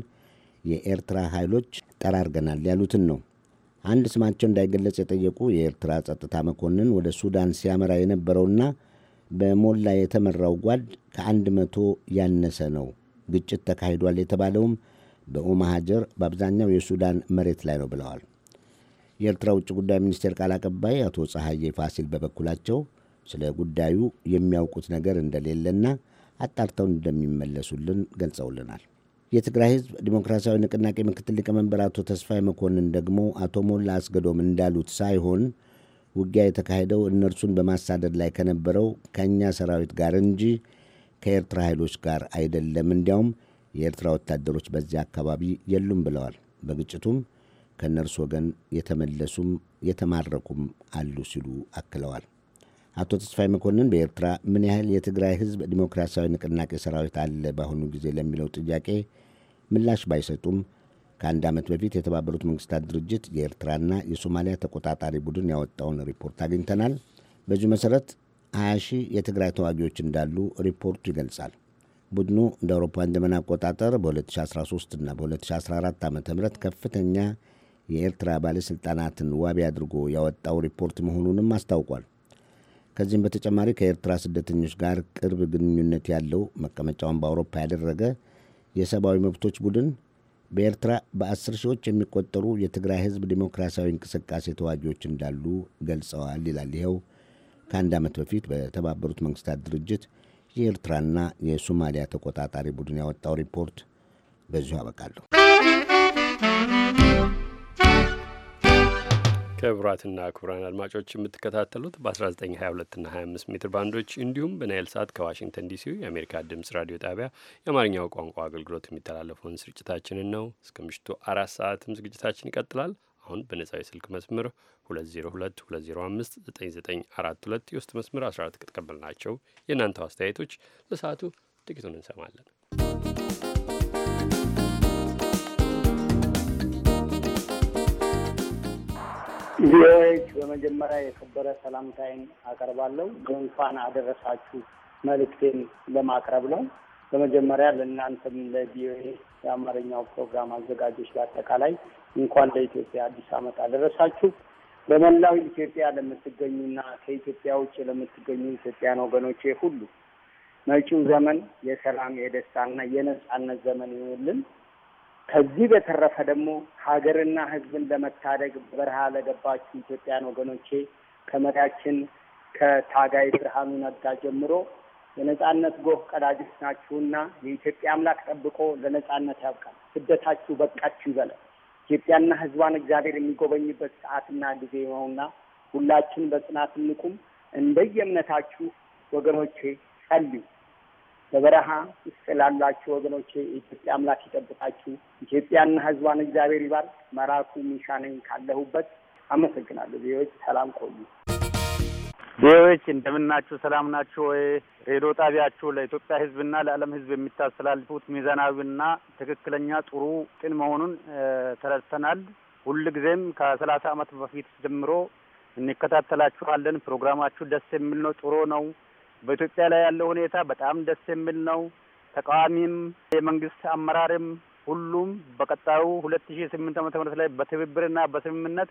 [SPEAKER 7] የኤርትራ ኃይሎች ጠራርገናል ያሉትን ነው። አንድ ስማቸው እንዳይገለጽ የጠየቁ የኤርትራ ጸጥታ መኮንን ወደ ሱዳን ሲያመራ የነበረውና በሞላ የተመራው ጓድ ከአንድ መቶ ያነሰ ነው። ግጭት ተካሂዷል የተባለውም በኡማሃጀር በአብዛኛው የሱዳን መሬት ላይ ነው ብለዋል። የኤርትራ ውጭ ጉዳይ ሚኒስቴር ቃል አቀባይ አቶ ፀሐዬ ፋሲል በበኩላቸው ስለ ጉዳዩ የሚያውቁት ነገር እንደሌለና አጣርተው እንደሚመለሱልን ገልጸውልናል። የትግራይ ህዝብ ዲሞክራሲያዊ ንቅናቄ ምክትል ሊቀመንበር አቶ ተስፋይ መኮንን ደግሞ አቶ ሞላ አስገዶም እንዳሉት ሳይሆን ውጊያ የተካሄደው እነርሱን በማሳደድ ላይ ከነበረው ከእኛ ሰራዊት ጋር እንጂ ከኤርትራ ኃይሎች ጋር አይደለም፣ እንዲያውም የኤርትራ ወታደሮች በዚያ አካባቢ የሉም ብለዋል። በግጭቱም ከእነርሱ ወገን የተመለሱም የተማረኩም አሉ ሲሉ አክለዋል። አቶ ተስፋይ መኮንን በኤርትራ ምን ያህል የትግራይ ህዝብ ዲሞክራሲያዊ ንቅናቄ ሰራዊት አለ በአሁኑ ጊዜ ለሚለው ጥያቄ ምላሽ ባይሰጡም ከአንድ ዓመት በፊት የተባበሩት መንግስታት ድርጅት የኤርትራና የሶማሊያ ተቆጣጣሪ ቡድን ያወጣውን ሪፖርት አግኝተናል። በዚሁ መሠረት 20 ሺህ የትግራይ ተዋጊዎች እንዳሉ ሪፖርቱ ይገልጻል። ቡድኑ እንደ አውሮፓውያን ዘመን አቆጣጠር በ2013 እና በ2014 ዓ ም ከፍተኛ የኤርትራ ባለሥልጣናትን ዋቢ አድርጎ ያወጣው ሪፖርት መሆኑንም አስታውቋል። ከዚህም በተጨማሪ ከኤርትራ ስደተኞች ጋር ቅርብ ግንኙነት ያለው መቀመጫውን በአውሮፓ ያደረገ የሰብአዊ መብቶች ቡድን በኤርትራ በአስር ሺዎች የሚቆጠሩ የትግራይ ሕዝብ ዲሞክራሲያዊ እንቅስቃሴ ተዋጊዎች እንዳሉ ገልጸዋል ይላል ይኸው ከአንድ ዓመት በፊት በተባበሩት መንግስታት ድርጅት የኤርትራና የሶማሊያ ተቆጣጣሪ ቡድን ያወጣው ሪፖርት። በዚሁ አበቃለሁ።
[SPEAKER 5] ክቡራትና ክቡራን አድማጮች የምትከታተሉት በ1922 እና 25 ሜትር ባንዶች እንዲሁም በናይል ሳት ከዋሽንግተን ዲሲ የአሜሪካ ድምፅ ራዲዮ ጣቢያ የአማርኛው ቋንቋ አገልግሎት የሚተላለፈውን ስርጭታችንን ነው። እስከ ምሽቱ አራት ሰዓትም ዝግጅታችን ይቀጥላል። አሁን በነጻው የስልክ መስመር 2022059942 የውስጥ መስመር 14 ከተቀበልናቸው የእናንተው አስተያየቶች ለሰዓቱ ጥቂቱን እንሰማለን።
[SPEAKER 9] ቪኦኤዎች
[SPEAKER 13] በመጀመሪያ የከበረ ሰላምታይን አቀርባለሁ። እንኳን አደረሳችሁ መልእክቴን ለማቅረብ ነው። በመጀመሪያ ለእናንተም ለቪኦኤ የአማርኛው ፕሮግራም አዘጋጆች በአጠቃላይ
[SPEAKER 14] እንኳን ለኢትዮጵያ
[SPEAKER 13] አዲስ ዓመት አደረሳችሁ። በመላው ኢትዮጵያ ለምትገኙና ከኢትዮጵያ ውጭ ለምትገኙ ኢትዮጵያን ወገኖቼ ሁሉ መጪው ዘመን የሰላም የደስታና የነጻነት ዘመን ይሆንልን። ከዚህ በተረፈ ደግሞ ሀገርና ሕዝብን ለመታደግ በረሃ ለገባችሁ ኢትዮጵያን ወገኖቼ ከመሪያችን ከታጋይ ብርሃኑ ነጋ ጀምሮ የነጻነት ጎህ ቀዳጆች ናችሁና የኢትዮጵያ አምላክ ጠብቆ ለነጻነት ያብቃል። ስደታችሁ በቃችሁ ይበላል። ኢትዮጵያና ሕዝቧን እግዚአብሔር የሚጎበኝበት ሰዓትና ጊዜ ነውና ሁላችን በጽናት እንቁም። እንደየእምነታችሁ ወገኖቼ ጸልዩ። በበረሃ ውስጥ ላላችሁ ወገኖች የኢትዮጵያ አምላክ ይጠብቃችሁ። ኢትዮጵያና ሕዝቧን እግዚአብሔር ይባርክ። መራኩ ሚሻ ነኝ ካለሁበት አመሰግናለሁ። ዜዎች ሰላም ቆዩ። ዜዎች እንደምናችሁ፣ ሰላም ናችሁ ወይ? ሬዲዮ ጣቢያችሁ ለኢትዮጵያ ህዝብና ለዓለም ህዝብ የሚታስተላልፉት ሚዛናዊና ትክክለኛ ጥሩ ቅን መሆኑን ተረድተናል። ሁሉ ጊዜም ከሰላሳ አመት በፊት ጀምሮ እንከታተላችኋለን። ፕሮግራማችሁ ደስ የሚል ነው፣ ጥሩ ነው። በኢትዮጵያ ላይ ያለው ሁኔታ በጣም ደስ የሚል ነው። ተቃዋሚም የመንግስት አመራርም ሁሉም በቀጣዩ ሁለት ሺ ስምንት ዓመተ ምህረት ላይ በትብብርና በስምምነት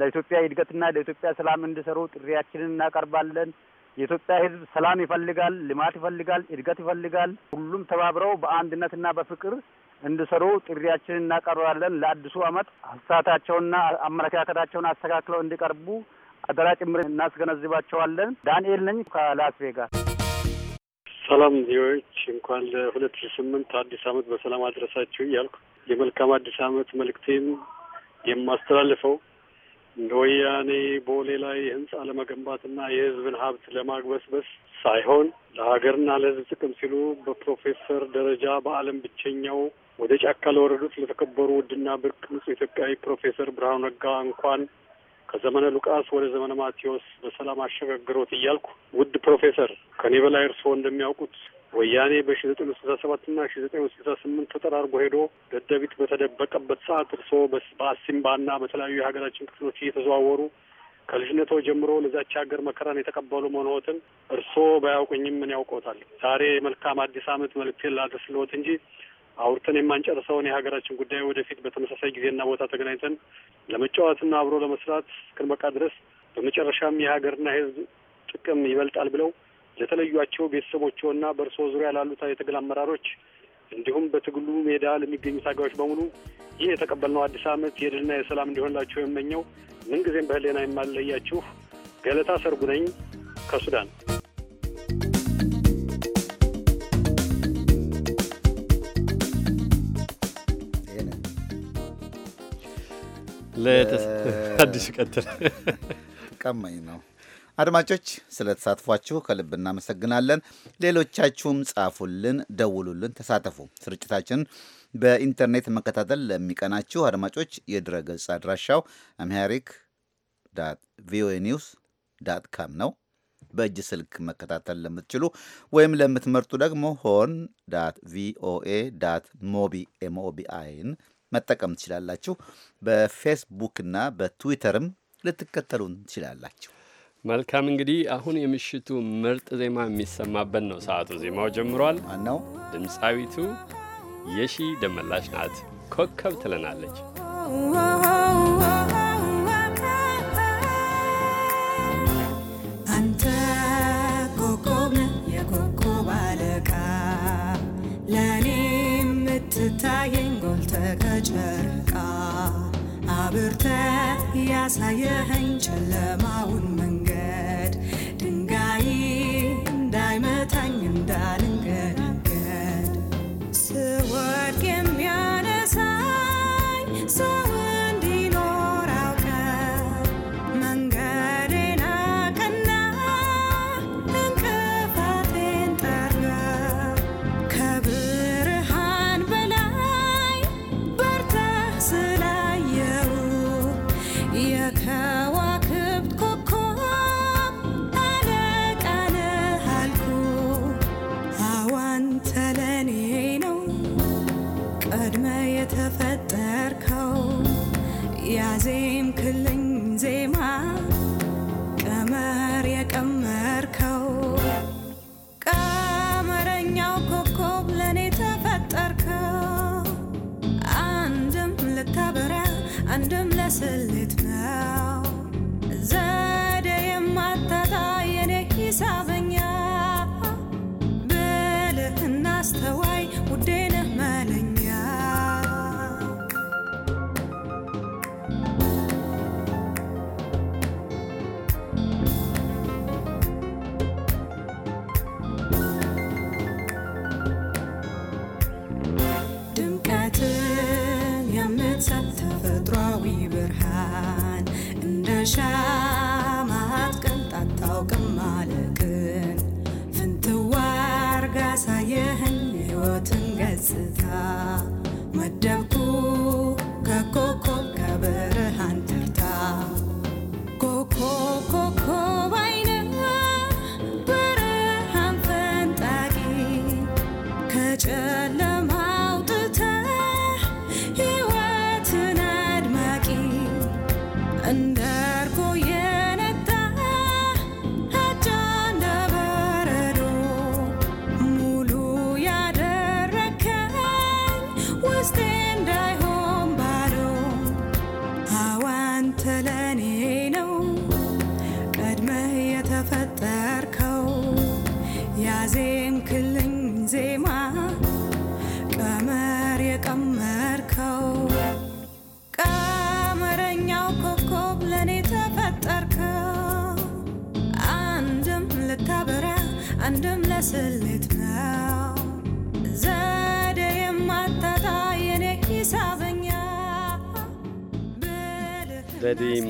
[SPEAKER 13] ለኢትዮጵያ እድገትና ለኢትዮጵያ ሰላም እንዲሰሩ ጥሪያችንን እናቀርባለን። የኢትዮጵያ ሕዝብ ሰላም ይፈልጋል፣ ልማት ይፈልጋል፣ እድገት ይፈልጋል። ሁሉም ተባብረው በአንድነትና በፍቅር እንዲሰሩ ጥሪያችንን እናቀርባለን። ለአዲሱ ዓመት ሀሳታቸውና አመለካከታቸውን አስተካክለው እንዲቀርቡ አደራ ጭምር እናስገነዝባቸዋለን። ዳንኤል ነኝ ከላስ ቬጋስ።
[SPEAKER 15] ሰላም ዜዎች እንኳን ለሁለት ሺ ስምንት አዲስ አመት በሰላም አድረሳችሁ እያልኩ የመልካም አዲስ አመት መልእክቴን የማስተላልፈው እንደ ወያኔ ቦሌ ላይ ህንጻ ለመገንባትና የህዝብን ሀብት ለማግበስበስ ሳይሆን ለሀገርና ለህዝብ ጥቅም ሲሉ በፕሮፌሰር ደረጃ በዓለም ብቸኛው ወደ ጫካ ለወረዱት ለተከበሩ ውድና ብርቅ ንጹህ ኢትዮጵያዊ ፕሮፌሰር ብርሃኑ ነጋ እንኳን ከዘመነ ሉቃስ ወደ ዘመነ ማቴዎስ በሰላም አሸጋግሮት እያልኩ ውድ ፕሮፌሰር ከኔ በላይ እርስዎ እንደሚያውቁት ወያኔ በሺ ዘጠኝ መቶ ስልሳ ና ሺ ዘጠኝ መቶ ስልሳ ስምንት ተጠራርጎ ሄዶ ደደቢት በተደበቀበት ሰዓት እርስዎ በአሲምባና በተለያዩ የሀገራችን ክፍሎች እየተዘዋወሩ ከልጅነቶ ጀምሮ ለዛች ሀገር መከራን የተቀበሉ መሆንዎትን እርስዎ ባያውቁኝም ምን ያውቆታል። ዛሬ መልካም አዲስ ዓመት መልእክቴን ላድርስልዎት እንጂ አውርተን የማንጨርሰውን የሀገራችን ጉዳይ ወደፊት በተመሳሳይ ጊዜና ቦታ ተገናኝተን ለመጫወትና አብሮ ለመስራት እስክንበቃ ድረስ በመጨረሻም የሀገርና የሕዝብ ጥቅም ይበልጣል ብለው ለተለዩቸው ቤተሰቦችና በእርሶ ዙሪያ ላሉት የትግል አመራሮች እንዲሁም በትግሉ ሜዳ ለሚገኙ ታጋዮች በሙሉ ይህ የተቀበልነው አዲስ ዓመት የድልና የሰላም እንዲሆንላችሁ የመኘው ምንጊዜም በህሌና የማለያችሁ ገለታ ሰርጉ ነኝ ከሱዳን።
[SPEAKER 3] ለአዲሱ ቀጥል ቀማኝ ነው። አድማጮች ስለተሳትፏችሁ ከልብ እናመሰግናለን። ሌሎቻችሁም ጻፉልን፣ ደውሉልን፣ ተሳተፉ። ስርጭታችን በኢንተርኔት መከታተል ለሚቀናችሁ አድማጮች የድረ-ገጽ አድራሻው አምሃሪክ ዳት ቪኦኤ ኒውስ ዳት ካም ነው። በእጅ ስልክ መከታተል ለምትችሉ ወይም ለምትመርጡ ደግሞ ሆን ዳት ቪኦኤ ዳት ሞቢ ኤምኦቢአይን መጠቀም ትችላላችሁ። በፌስቡክና በትዊተርም ልትከተሉን ትችላላችሁ።
[SPEAKER 5] መልካም እንግዲህ አሁን የምሽቱ ምርጥ ዜማ የሚሰማበት ነው። ሰዓቱ ዜማው ጀምሯል። ማነው ድምፃዊቱ የሺ ደመላሽ ናት። ኮከብ ትለናለች።
[SPEAKER 1] ያሳየኸኝ ጨለማውን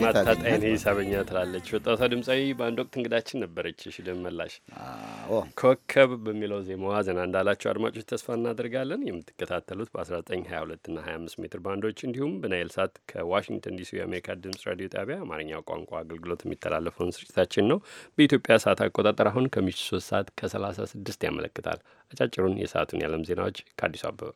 [SPEAKER 1] ማታጣይ
[SPEAKER 5] ሂሳበኛ ትላለች ወጣቷ ድምፃዊ በአንድ ወቅት እንግዳችን ነበረች። እሺ ኮከብ በሚለው ዜማዋ ዘና እንዳላቸው አድማጮች ተስፋ እናደርጋለን። የምትከታተሉት በ1922 እና 25 ሜትር ባንዶች እንዲሁም በናይል ሳት ከዋሽንግተን ዲሲ የአሜሪካ ድምፅ ራዲዮ ጣቢያ አማርኛ ቋንቋ አገልግሎት የሚተላለፈውን ስርጭታችን ነው። በኢትዮጵያ ሰዓት አቆጣጠር አሁን ከምሽቱ 3 ሰዓት ከ36 ያመለክታል። አጫጭሩን የሰዓቱን የዓለም ዜናዎች ከአዲሱ አበበ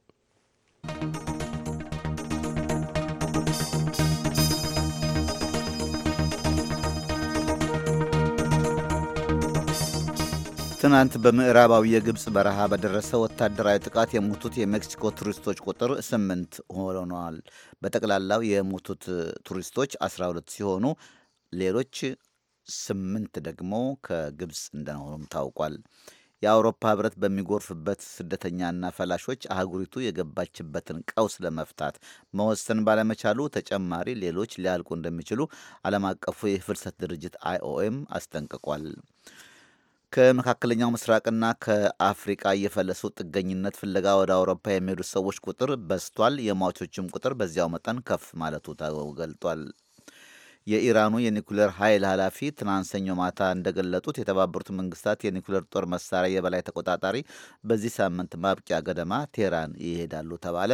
[SPEAKER 3] ትናንት በምዕራባዊ የግብፅ በረሃ በደረሰ ወታደራዊ ጥቃት የሞቱት የሜክሲኮ ቱሪስቶች ቁጥር ስምንት ሆኗል። በጠቅላላው የሞቱት ቱሪስቶች 12 ሲሆኑ ሌሎች ስምንት ደግሞ ከግብፅ እንደሆኑም ታውቋል። የአውሮፓ ህብረት በሚጎርፍበት ስደተኛና ፈላሾች አህጉሪቱ የገባችበትን ቀውስ ለመፍታት መወሰን ባለመቻሉ ተጨማሪ ሌሎች ሊያልቁ እንደሚችሉ ዓለም አቀፉ የፍልሰት ድርጅት አይኦኤም አስጠንቅቋል። ከመካከለኛው ምስራቅና ከአፍሪቃ እየፈለሱ ጥገኝነት ፍለጋ ወደ አውሮፓ የሚሄዱት ሰዎች ቁጥር በዝቷል። የሟቾችም ቁጥር በዚያው መጠን ከፍ ማለቱ ተገልጧል። የኢራኑ የኒኩሌር ኃይል ኃላፊ ትናንት ሰኞ ማታ እንደገለጡት የተባበሩት መንግስታት የኒኩሌር ጦር መሳሪያ የበላይ ተቆጣጣሪ በዚህ ሳምንት ማብቂያ ገደማ ቴህራን ይሄዳሉ ተባለ።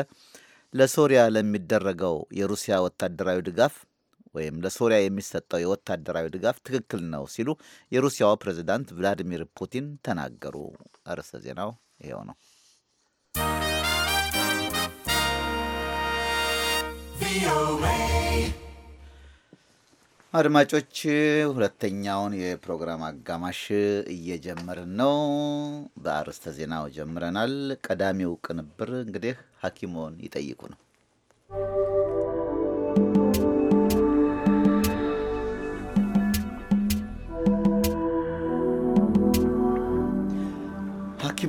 [SPEAKER 3] ለሶሪያ ለሚደረገው የሩሲያ ወታደራዊ ድጋፍ ወይም ለሶሪያ የሚሰጠው የወታደራዊ ድጋፍ ትክክል ነው ሲሉ የሩሲያው ፕሬዚዳንት ቭላዲሚር ፑቲን ተናገሩ። ርዕሰ ዜናው ይኸው ነው። አድማጮች ሁለተኛውን የፕሮግራም አጋማሽ እየጀመርን ነው። በአርዕስተ ዜናው ጀምረናል። ቀዳሚው ቅንብር እንግዲህ ሐኪሞን ይጠይቁ ነው።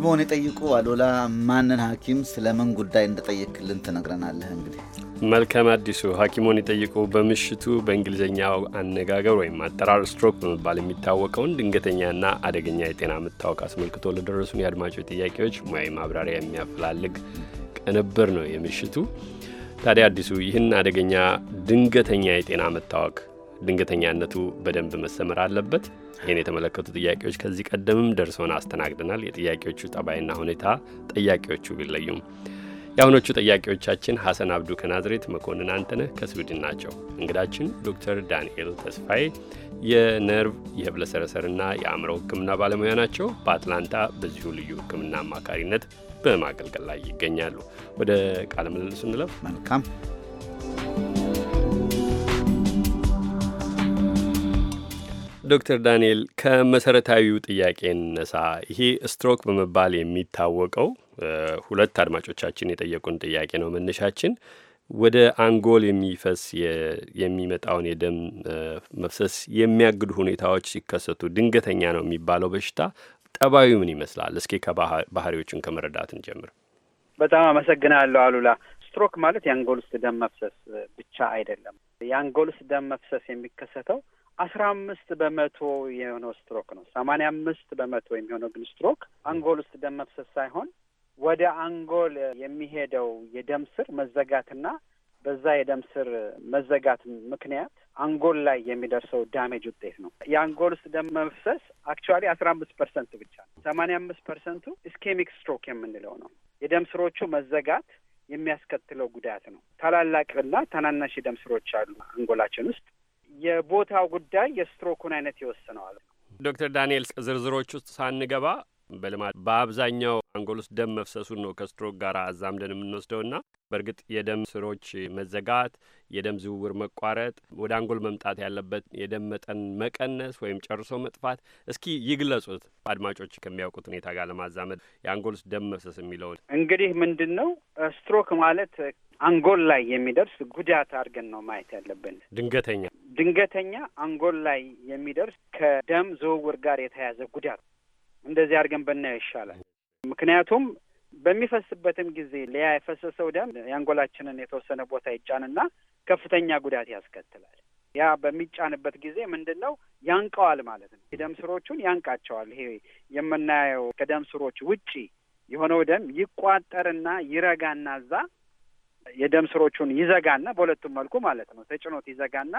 [SPEAKER 3] ሊቦን የጠይቁ አዶላ፣ ማንን ሐኪም ስለምን ጉዳይ እንደጠየክልን ትነግረናለህ። እንግዲህ
[SPEAKER 5] መልካም አዲሱ ሀኪሞን የጠይቁ በምሽቱ በእንግሊዝኛው አነጋገር ወይም አጠራር ስትሮክ በመባል የሚታወቀውን ድንገተኛና አደገኛ የጤና መታወቅ አስመልክቶ ለደረሱን የአድማጮች ጥያቄዎች ሙያዊ ማብራሪያ የሚያፈላልግ ቅንብር ነው የምሽቱ። ታዲያ አዲሱ ይህን አደገኛ ድንገተኛ የጤና መታወቅ ድንገተኛነቱ በደንብ መሰመር አለበት። ይህን የተመለከቱ ጥያቄዎች ከዚህ ቀደምም ደርሰውን አስተናግደናል። የጥያቄዎቹ ጠባይና ሁኔታ ጠያቂዎቹ ቢለዩም የአሁኖቹ ጥያቄዎቻችን ሐሰን አብዱ ከናዝሬት፣ መኮንን አንተነህ ከስዊድን ናቸው። እንግዳችን ዶክተር ዳንኤል ተስፋዬ የነርቭ የህብለሰረሰርና የአእምሮ ሕክምና ባለሙያ ናቸው። በአትላንታ በዚሁ ልዩ ሕክምና አማካሪነት በማገልገል ላይ ይገኛሉ። ወደ ቃለ ምልልሱ እንለፍ። መልካም ዶክተር ዳንኤል ከመሰረታዊው ጥያቄ እንነሳ። ይሄ ስትሮክ በመባል የሚታወቀው ሁለት አድማጮቻችን የጠየቁን ጥያቄ ነው መነሻችን። ወደ አንጎል የሚፈስ የሚመጣውን የደም መፍሰስ የሚያግዱ ሁኔታዎች ሲከሰቱ ድንገተኛ ነው የሚባለው በሽታ ጠባዩ ምን ይመስላል? እስኪ ከባህሪዎቹን ከመረዳት እንጀምር።
[SPEAKER 4] በጣም
[SPEAKER 8] አመሰግናለሁ አሉላ። ስትሮክ ማለት የአንጎል ውስጥ ደም መፍሰስ ብቻ አይደለም። የአንጎል ውስጥ ደም መፍሰስ የሚከሰተው አስራ አምስት በመቶ የሆነው ስትሮክ ነው። ሰማንያ አምስት በመቶ የሚሆነው ግን ስትሮክ አንጎል ውስጥ ደም መፍሰስ ሳይሆን ወደ አንጎል የሚሄደው የደም ስር መዘጋትና በዛ የደም ስር መዘጋት ምክንያት አንጎል ላይ የሚደርሰው ዳሜጅ ውጤት ነው። የአንጎል ውስጥ ደም መፍሰስ አክቹዋሊ አስራ አምስት ፐርሰንት ብቻ ነው። ሰማንያ አምስት ፐርሰንቱ ኢስኬሚክ ስትሮክ የምንለው ነው። የደም ስሮቹ መዘጋት የሚያስከትለው ጉዳት ነው። ታላላቅና ታናናሽ የደም ስሮች አሉ አንጎላችን ውስጥ የቦታው ጉዳይ የስትሮኩን አይነት ይወስነዋል።
[SPEAKER 5] ዶክተር ዳንኤል ዝርዝሮች ውስጥ ሳንገባ በልማት በአብዛኛው አንጎል ውስጥ ደም መፍሰሱን ነው ከስትሮክ ጋር አዛምደን የምንወስደው ና በእርግጥ የደም ስሮች መዘጋት፣ የደም ዝውውር መቋረጥ፣ ወደ አንጎል መምጣት ያለበት የደም መጠን መቀነስ ወይም ጨርሶ መጥፋት እስኪ ይግለጹት አድማጮች ከሚያውቁት ሁኔታ ጋር ለማዛመድ የአንጎል ውስጥ ደም መፍሰስ የሚለውን
[SPEAKER 8] እንግዲህ ምንድን ነው ስትሮክ ማለት አንጎል ላይ የሚደርስ ጉዳት አድርገን ነው ማየት ያለብን። ድንገተኛ ድንገተኛ አንጎል ላይ የሚደርስ ከደም ዝውውር ጋር የተያያዘ ጉዳት እንደዚህ አድርገን ብናየው ይሻላል። ምክንያቱም በሚፈስበትም ጊዜ ሊያ የፈሰሰው ደም የአንጎላችንን የተወሰነ ቦታ ይጫንና ከፍተኛ ጉዳት ያስከትላል። ያ በሚጫንበት ጊዜ ምንድን ነው ያንቀዋል ማለት ነው። የደም ስሮቹን ያንቃቸዋል። ይሄ የምናየው ከደም ስሮች ውጪ የሆነው ደም ይቋጠርና ይረጋና እዛ የደም ስሮቹን ይዘጋና በሁለቱም መልኩ ማለት ነው ተጭኖት ይዘጋና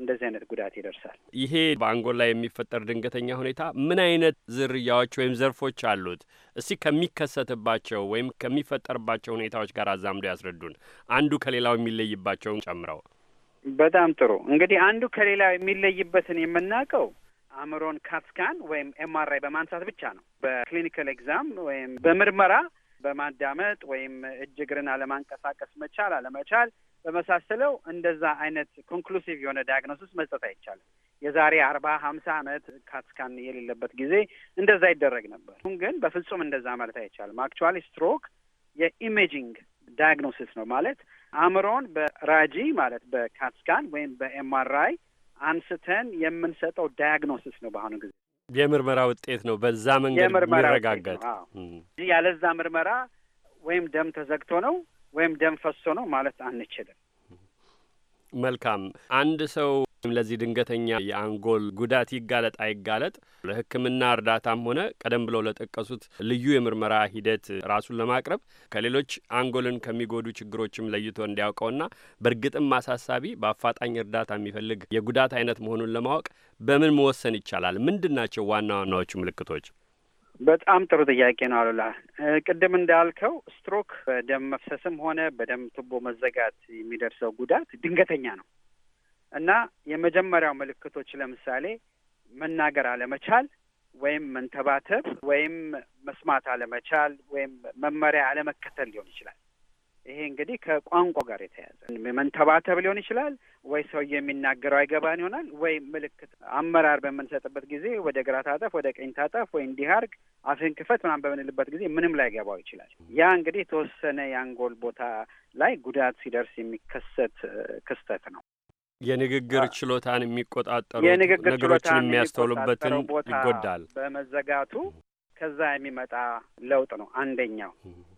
[SPEAKER 8] እንደዚህ አይነት ጉዳት ይደርሳል።
[SPEAKER 5] ይሄ በአንጎል ላይ የሚፈጠር ድንገተኛ ሁኔታ ምን አይነት ዝርያዎች ወይም ዘርፎች አሉት? እስቲ ከሚከሰትባቸው ወይም ከሚፈጠርባቸው ሁኔታዎች ጋር አዛምዶ ያስረዱን። አንዱ ከሌላው የሚለይባቸውን ጨምረው።
[SPEAKER 8] በጣም ጥሩ። እንግዲህ አንዱ ከሌላው የሚለይበትን የምናውቀው አእምሮን ካትስካን ወይም ኤምአርአይ በማንሳት ብቻ ነው። በክሊኒካል ኤግዛም ወይም በምርመራ በማዳመጥ ወይም እጅ እግርን አለማንቀሳቀስ መቻል አለመቻል በመሳሰለው እንደዛ አይነት ኮንክሉሲቭ የሆነ ዳያግኖሲስ መስጠት አይቻልም። የዛሬ አርባ ሀምሳ ዓመት ካትስካን የሌለበት ጊዜ እንደዛ ይደረግ ነበር። አሁን ግን በፍጹም እንደዛ ማለት አይቻልም። አክቹዋሊ ስትሮክ የኢሜጂንግ ዳያግኖሲስ ነው ማለት አእምሮን በራጂ ማለት በካትስካን ወይም በኤምአርአይ አንስተን የምንሰጠው ዳያግኖሲስ ነው በአሁኑ ጊዜ።
[SPEAKER 5] የምርመራ ውጤት ነው። በዛ መንገድ የሚረጋገጥ
[SPEAKER 8] ያለዛ ምርመራ ወይም ደም ተዘግቶ ነው ወይም ደም ፈሶ ነው ማለት አንችልም።
[SPEAKER 5] መልካም። አንድ ሰው ለዚህ ድንገተኛ የአንጎል ጉዳት ይጋለጥ አይጋለጥ ለሕክምና እርዳታም ሆነ ቀደም ብለው ለጠቀሱት ልዩ የምርመራ ሂደት ራሱን ለማቅረብ ከሌሎች አንጎልን ከሚጎዱ ችግሮችም ለይቶ እንዲያውቀውና በእርግጥም አሳሳቢ በአፋጣኝ እርዳታ የሚፈልግ የጉዳት አይነት መሆኑን ለማወቅ በምን መወሰን ይቻላል? ምንድን ናቸው ዋና ዋናዎቹ ምልክቶች?
[SPEAKER 8] በጣም ጥሩ ጥያቄ ነው አሉላ። ቅድም እንዳልከው ስትሮክ በደም መፍሰስም ሆነ በደም ቱቦ መዘጋት የሚደርሰው ጉዳት ድንገተኛ ነው። እና የመጀመሪያው ምልክቶች ለምሳሌ መናገር አለመቻል ወይም መንተባተብ ወይም መስማት አለመቻል ወይም መመሪያ አለመከተል ሊሆን ይችላል። ይሄ እንግዲህ ከቋንቋ ጋር የተያዘ መንተባተብ ሊሆን ይችላል። ወይ ሰውየ የሚናገረው አይገባን ይሆናል። ወይ ምልክት አመራር በምንሰጥበት ጊዜ ወደ ግራ ታጠፍ፣ ወደ ቀኝ ታጠፍ፣ ወይ እንዲህ አድርግ፣ አፍህን ክፈት ምናምን በምንልበት ጊዜ ምንም ላይ ገባው ይችላል። ያ እንግዲህ የተወሰነ የአንጎል ቦታ ላይ ጉዳት ሲደርስ የሚከሰት ክስተት ነው።
[SPEAKER 5] የንግግር ችሎታን የሚቆጣጠሩ የንግግር ችሎታን የሚያስተውሉበትን ይጎዳል
[SPEAKER 8] በመዘጋቱ ከዛ የሚመጣ ለውጥ ነው አንደኛው።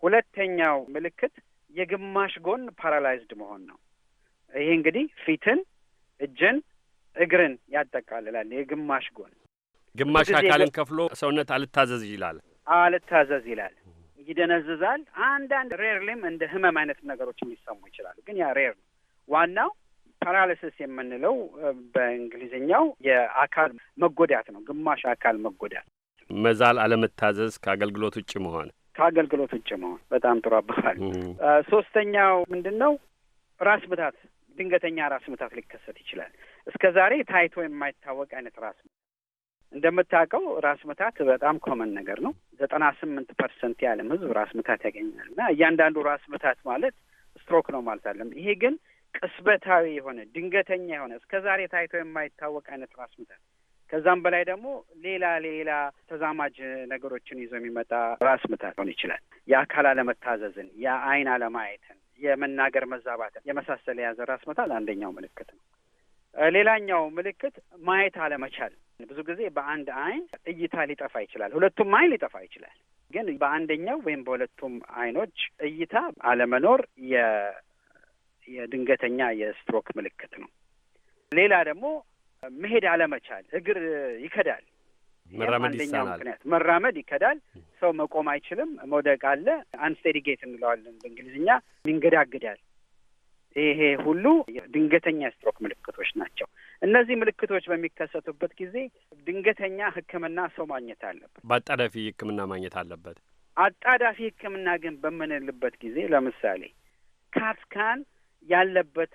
[SPEAKER 8] ሁለተኛው ምልክት የግማሽ ጎን ፓራላይዝድ መሆን ነው። ይሄ እንግዲህ ፊትን፣ እጅን፣ እግርን ያጠቃልላል። የግማሽ ጎን
[SPEAKER 5] ግማሽ አካልን ከፍሎ ሰውነት አልታዘዝ ይላል
[SPEAKER 8] አልታዘዝ ይላል፣ ይደነዝዛል። አንዳንድ ሬርሊም እንደ ህመም አይነት ነገሮች የሚሰሙ ይችላሉ፣ ግን ያ ሬር ነው። ዋናው ፓራሊሲስ የምንለው በእንግሊዝኛው የአካል መጎዳት ነው። ግማሽ አካል መጎዳት፣
[SPEAKER 5] መዛል፣ አለመታዘዝ፣ ከአገልግሎት ውጭ መሆን፣
[SPEAKER 8] ከአገልግሎት ውጭ መሆን።
[SPEAKER 5] በጣም ጥሩ አባባል።
[SPEAKER 8] ሶስተኛው ምንድን ነው? ራስ ምታት፣ ድንገተኛ ራስ ምታት ሊከሰት ይችላል። እስከ ዛሬ ታይቶ የማይታወቅ አይነት ራስ ምታት። እንደምታውቀው ራስ ምታት በጣም ኮመን ነገር ነው። ዘጠና ስምንት ፐርሰንት የዓለም ህዝብ ራስ ምታት ያገኛል እና እያንዳንዱ ራስ ምታት ማለት ስትሮክ ነው ማለት አለም። ይሄ ግን ቅስበታዊ የሆነ ድንገተኛ የሆነ እስከ ዛሬ ታይቶ የማይታወቅ አይነት ራስ ምታት ከዛም በላይ ደግሞ ሌላ ሌላ ተዛማጅ ነገሮችን ይዞ የሚመጣ ራስ ምታት ሆን ይችላል። የአካል አለመታዘዝን፣ የአይን አለማየትን፣ የመናገር መዛባትን የመሳሰለ የያዘ ራስ ምታት አንደኛው ምልክት ነው። ሌላኛው ምልክት ማየት አለመቻል። ብዙ ጊዜ በአንድ አይን እይታ ሊጠፋ ይችላል፣ ሁለቱም አይን ሊጠፋ ይችላል። ግን በአንደኛው ወይም በሁለቱም አይኖች እይታ አለመኖር የድንገተኛ የስትሮክ ምልክት ነው። ሌላ ደግሞ መሄድ አለመቻል፣ እግር ይከዳል።
[SPEAKER 5] መራመድ ምክንያት
[SPEAKER 8] መራመድ ይከዳል። ሰው መቆም አይችልም። መውደቅ አለ። አንስቴዲጌት እንለዋለን በእንግሊዝኛ ይንገዳግዳል። ይሄ ሁሉ ድንገተኛ ስትሮክ ምልክቶች ናቸው። እነዚህ ምልክቶች በሚከሰቱበት ጊዜ ድንገተኛ ሕክምና ሰው ማግኘት አለበት።
[SPEAKER 5] በአጣዳፊ ሕክምና ማግኘት አለበት።
[SPEAKER 8] አጣዳፊ ሕክምና ግን በምንልበት ጊዜ ለምሳሌ ካትስካን ያለበት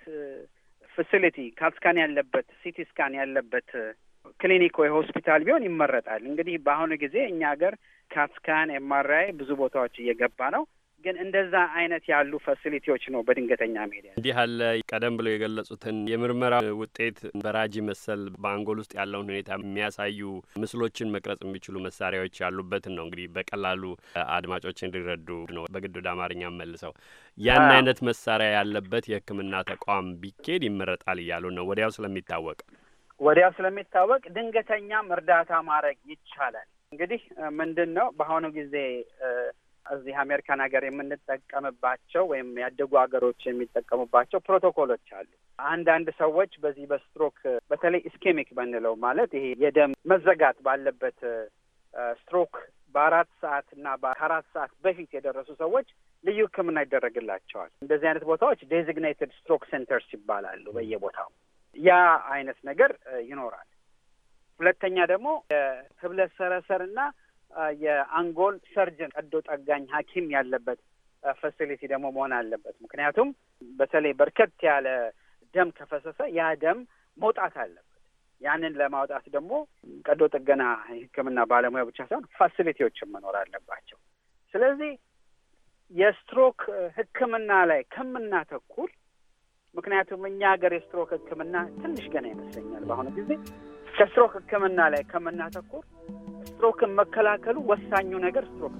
[SPEAKER 8] ፋሲሊቲ ካፕስካን ያለበት ሲቲ ስካን ያለበት ክሊኒክ ወይ ሆስፒታል ቢሆን ይመረጣል። እንግዲህ በአሁኑ ጊዜ እኛ ሀገር ካስካን ኤምአርአይ ብዙ ቦታዎች እየገባ ነው። ግን እንደዛ አይነት ያሉ ፋሲሊቲዎች ነው በድንገተኛ ሜዲያ
[SPEAKER 5] እንዲህ አለ። ቀደም ብለው የገለጹትን የምርመራ ውጤት በራጅ መሰል በአንጎል ውስጥ ያለውን ሁኔታ የሚያሳዩ ምስሎችን መቅረጽ የሚችሉ መሳሪያዎች ያሉበትን ነው። እንግዲህ በቀላሉ አድማጮች እንዲረዱ ነው በግድ ወደ አማርኛ መልሰው ያን አይነት መሳሪያ ያለበት የሕክምና ተቋም ቢኬድ ይመረጣል እያሉ ነው። ወዲያው ስለሚታወቅ
[SPEAKER 8] ወዲያው ስለሚታወቅ ድንገተኛም እርዳታ ማድረግ ይቻላል። እንግዲህ ምንድን ነው በአሁኑ ጊዜ እዚህ አሜሪካን ሀገር የምንጠቀምባቸው ወይም ያደጉ ሀገሮች የሚጠቀሙባቸው ፕሮቶኮሎች አሉ። አንዳንድ ሰዎች በዚህ በስትሮክ በተለይ ኢስኬሚክ ብንለው ማለት ይሄ የደም መዘጋት ባለበት ስትሮክ በአራት ሰዓት እና ከአራት ሰዓት በፊት የደረሱ ሰዎች ልዩ ሕክምና ይደረግላቸዋል። እንደዚህ አይነት ቦታዎች ዴዚግኔትድ ስትሮክ ሴንተርስ ይባላሉ በየቦታው ያ አይነት ነገር ይኖራል። ሁለተኛ ደግሞ የህብለ ና የአንጎል ሰርጅን ቀዶ ጠጋኝ ሐኪም ያለበት ፋሲሊቲ ደግሞ መሆን አለበት። ምክንያቱም በተለይ በርከት ያለ ደም ከፈሰሰ ያ ደም መውጣት አለበት። ያንን ለማውጣት ደግሞ ቀዶ ጥገና ሕክምና ባለሙያ ብቻ ሳይሆን ፋሲሊቲዎችን መኖር አለባቸው። ስለዚህ የስትሮክ ሕክምና ላይ ከምናተኩር ምክንያቱም እኛ ሀገር የስትሮክ ሕክምና ትንሽ ገና ይመስለኛል በአሁኑ ጊዜ ከስትሮክ ሕክምና ላይ ከምናተኩር ስትሮክን መከላከሉ ወሳኙ ነገር ስትሮክ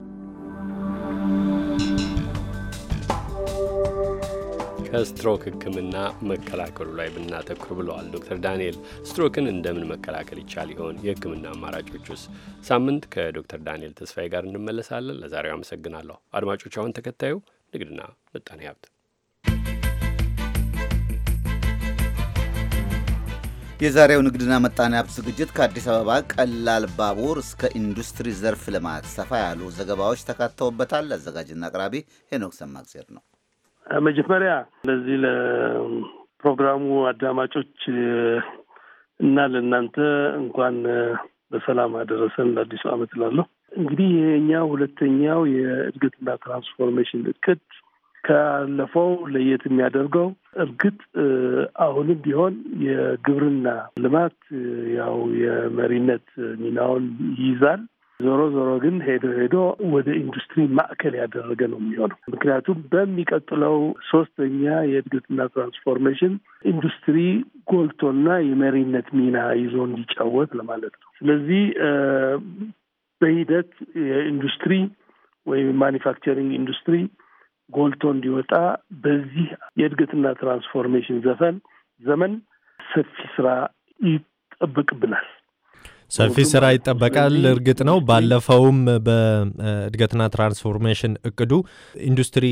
[SPEAKER 5] ከስትሮክ ሕክምና መከላከሉ ላይ ብናተኩር ብለዋል ዶክተር ዳንኤል። ስትሮክን እንደምን መከላከል ይቻል ይሆን? የሕክምና አማራጮች ውስጥ ሳምንት ከዶክተር ዳንኤል ተስፋዬ ጋር እንመለሳለን። ለዛሬው አመሰግናለሁ አድማጮች። አሁን ተከታዩ ንግድና ምጣኔ ሀብት
[SPEAKER 3] የዛሬው ንግድና መጣኔ ሀብት ዝግጅት ከአዲስ አበባ ቀላል ባቡር እስከ ኢንዱስትሪ ዘርፍ ልማት ሰፋ ያሉ ዘገባዎች ተካተውበታል። አዘጋጅና አቅራቢ ሄኖክ ሰማግዜር ነው። መጀመሪያ
[SPEAKER 11] ለዚህ ለፕሮግራሙ አዳማጮች እና ለእናንተ እንኳን በሰላም አደረሰን ለአዲሱ ዓመት እላለሁ። እንግዲህ ይሄኛው ሁለተኛው የእድገትና ትራንስፎርሜሽን እቅድ ካለፈው ለየት የሚያደርገው እርግጥ አሁንም ቢሆን የግብርና ልማት ያው የመሪነት ሚናውን ይይዛል። ዞሮ ዞሮ ግን ሄዶ ሄዶ ወደ ኢንዱስትሪ ማዕከል ያደረገ ነው የሚሆነው። ምክንያቱም በሚቀጥለው ሶስተኛ የእድገትና ትራንስፎርሜሽን ኢንዱስትሪ ጎልቶና የመሪነት ሚና ይዞ እንዲጫወት ለማለት ነው። ስለዚህ በሂደት የኢንዱስትሪ ወይም ማኒፋክቸሪንግ ኢንዱስትሪ ጎልቶ እንዲወጣ በዚህ የእድገትና ትራንስፎርሜሽን ዘፈን ዘመን ሰፊ ስራ ይጠበቅብናል።
[SPEAKER 2] ሰፊ ስራ ይጠበቃል። እርግጥ ነው ባለፈውም በእድገትና ትራንስፎርሜሽን እቅዱ ኢንዱስትሪ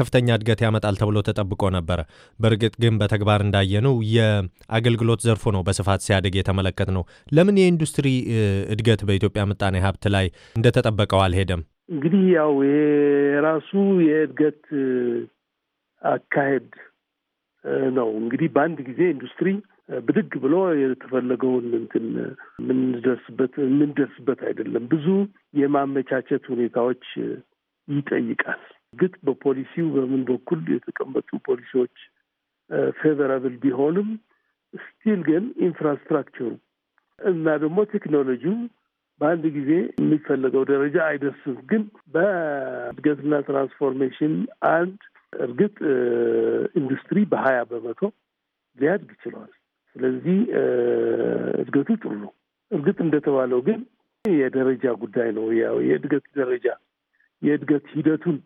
[SPEAKER 2] ከፍተኛ እድገት ያመጣል ተብሎ ተጠብቆ ነበረ። በእርግጥ ግን በተግባር እንዳየነው የአገልግሎት ዘርፉ ነው በስፋት ሲያድግ የተመለከት ነው። ለምን የኢንዱስትሪ እድገት በኢትዮጵያ ምጣኔ ሀብት ላይ እንደተጠበቀው አልሄደም?
[SPEAKER 11] እንግዲህ ያው የራሱ የእድገት አካሄድ ነው። እንግዲህ በአንድ ጊዜ ኢንዱስትሪ ብድግ ብሎ የተፈለገውን እንትን የምንደርስበት የምንደርስበት አይደለም። ብዙ የማመቻቸት ሁኔታዎች ይጠይቃል። ግጥ በፖሊሲው በምን በኩል የተቀመጡ ፖሊሲዎች ፌቨራብል ቢሆንም ስቲል ግን ኢንፍራስትራክቸሩ እና ደግሞ ቴክኖሎጂው በአንድ ጊዜ የሚፈለገው ደረጃ አይደርስም። ግን በእድገትና ትራንስፎርሜሽን አንድ እርግጥ ኢንዱስትሪ በሀያ በመቶ ሊያድግ ይችለዋል። ስለዚህ እድገቱ ጥሩ ነው። እርግጥ እንደተባለው ግን የደረጃ ጉዳይ ነው። ያው የእድገት ደረጃ የእድገት ሂደቱን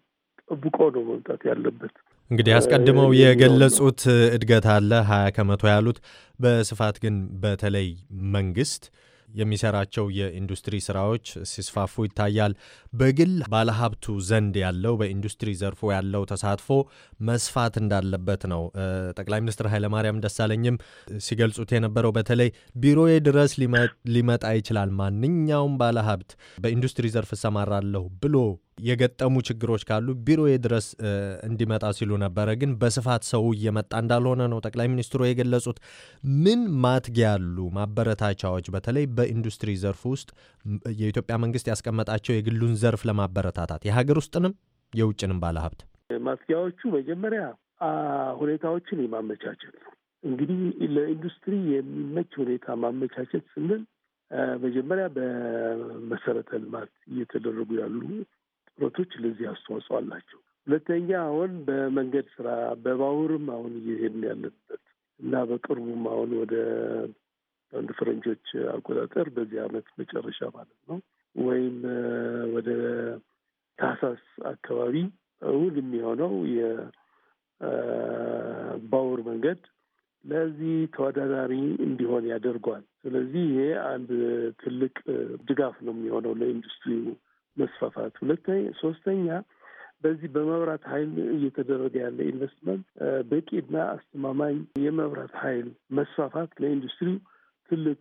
[SPEAKER 11] ጠብቆ ነው መምጣት ያለበት።
[SPEAKER 2] እንግዲህ አስቀድመው የገለጹት እድገት አለ ሀያ ከመቶ ያሉት በስፋት ግን በተለይ መንግስት የሚሰራቸው የኢንዱስትሪ ስራዎች ሲስፋፉ ይታያል። በግል ባለሀብቱ ዘንድ ያለው በኢንዱስትሪ ዘርፎ ያለው ተሳትፎ መስፋት እንዳለበት ነው ጠቅላይ ሚኒስትር ኃይለማርያም ደሳለኝም ሲገልጹት የነበረው። በተለይ ቢሮዬ ድረስ ሊመጣ ይችላል ማንኛውም ባለሀብት በኢንዱስትሪ ዘርፍ እሰማራለሁ ብሎ የገጠሙ ችግሮች ካሉ ቢሮዬ ድረስ እንዲመጣ ሲሉ ነበረ። ግን በስፋት ሰው እየመጣ እንዳልሆነ ነው ጠቅላይ ሚኒስትሩ የገለጹት። ምን ማትጊያ ያሉ ማበረታቻዎች በተለይ በኢንዱስትሪ ዘርፍ ውስጥ የኢትዮጵያ መንግስት ያስቀመጣቸው የግሉን ዘርፍ ለማበረታታት የሀገር ውስጥንም የውጭንም ባለሀብት
[SPEAKER 11] ማትጊያዎቹ መጀመሪያ ሁኔታዎችን የማመቻቸት ነው። እንግዲህ ለኢንዱስትሪ የሚመች ሁኔታ ማመቻቸት ስንል መጀመሪያ በመሰረተ ልማት እየተደረጉ ያሉ ትኩረቶች ለዚህ አስተዋጽኦ አላቸው። ሁለተኛ አሁን በመንገድ ስራ በባቡርም አሁን እየሄድን ያለበት እና በቅርቡም አሁን ወደ አንድ ፈረንጆች አቆጣጠር በዚህ አመት መጨረሻ ማለት ነው ወይም ወደ ታህሳስ አካባቢ ውል የሚሆነው የባቡር መንገድ ለዚህ ተወዳዳሪ እንዲሆን ያደርገዋል። ስለዚህ ይሄ አንድ ትልቅ ድጋፍ ነው የሚሆነው ለኢንዱስትሪው መስፋፋት፣ ሁለተኛ ሶስተኛ በዚህ በመብራት ኃይል እየተደረገ ያለ ኢንቨስትመንት በቂና አስተማማኝ የመብራት ኃይል መስፋፋት ለኢንዱስትሪው ትልቅ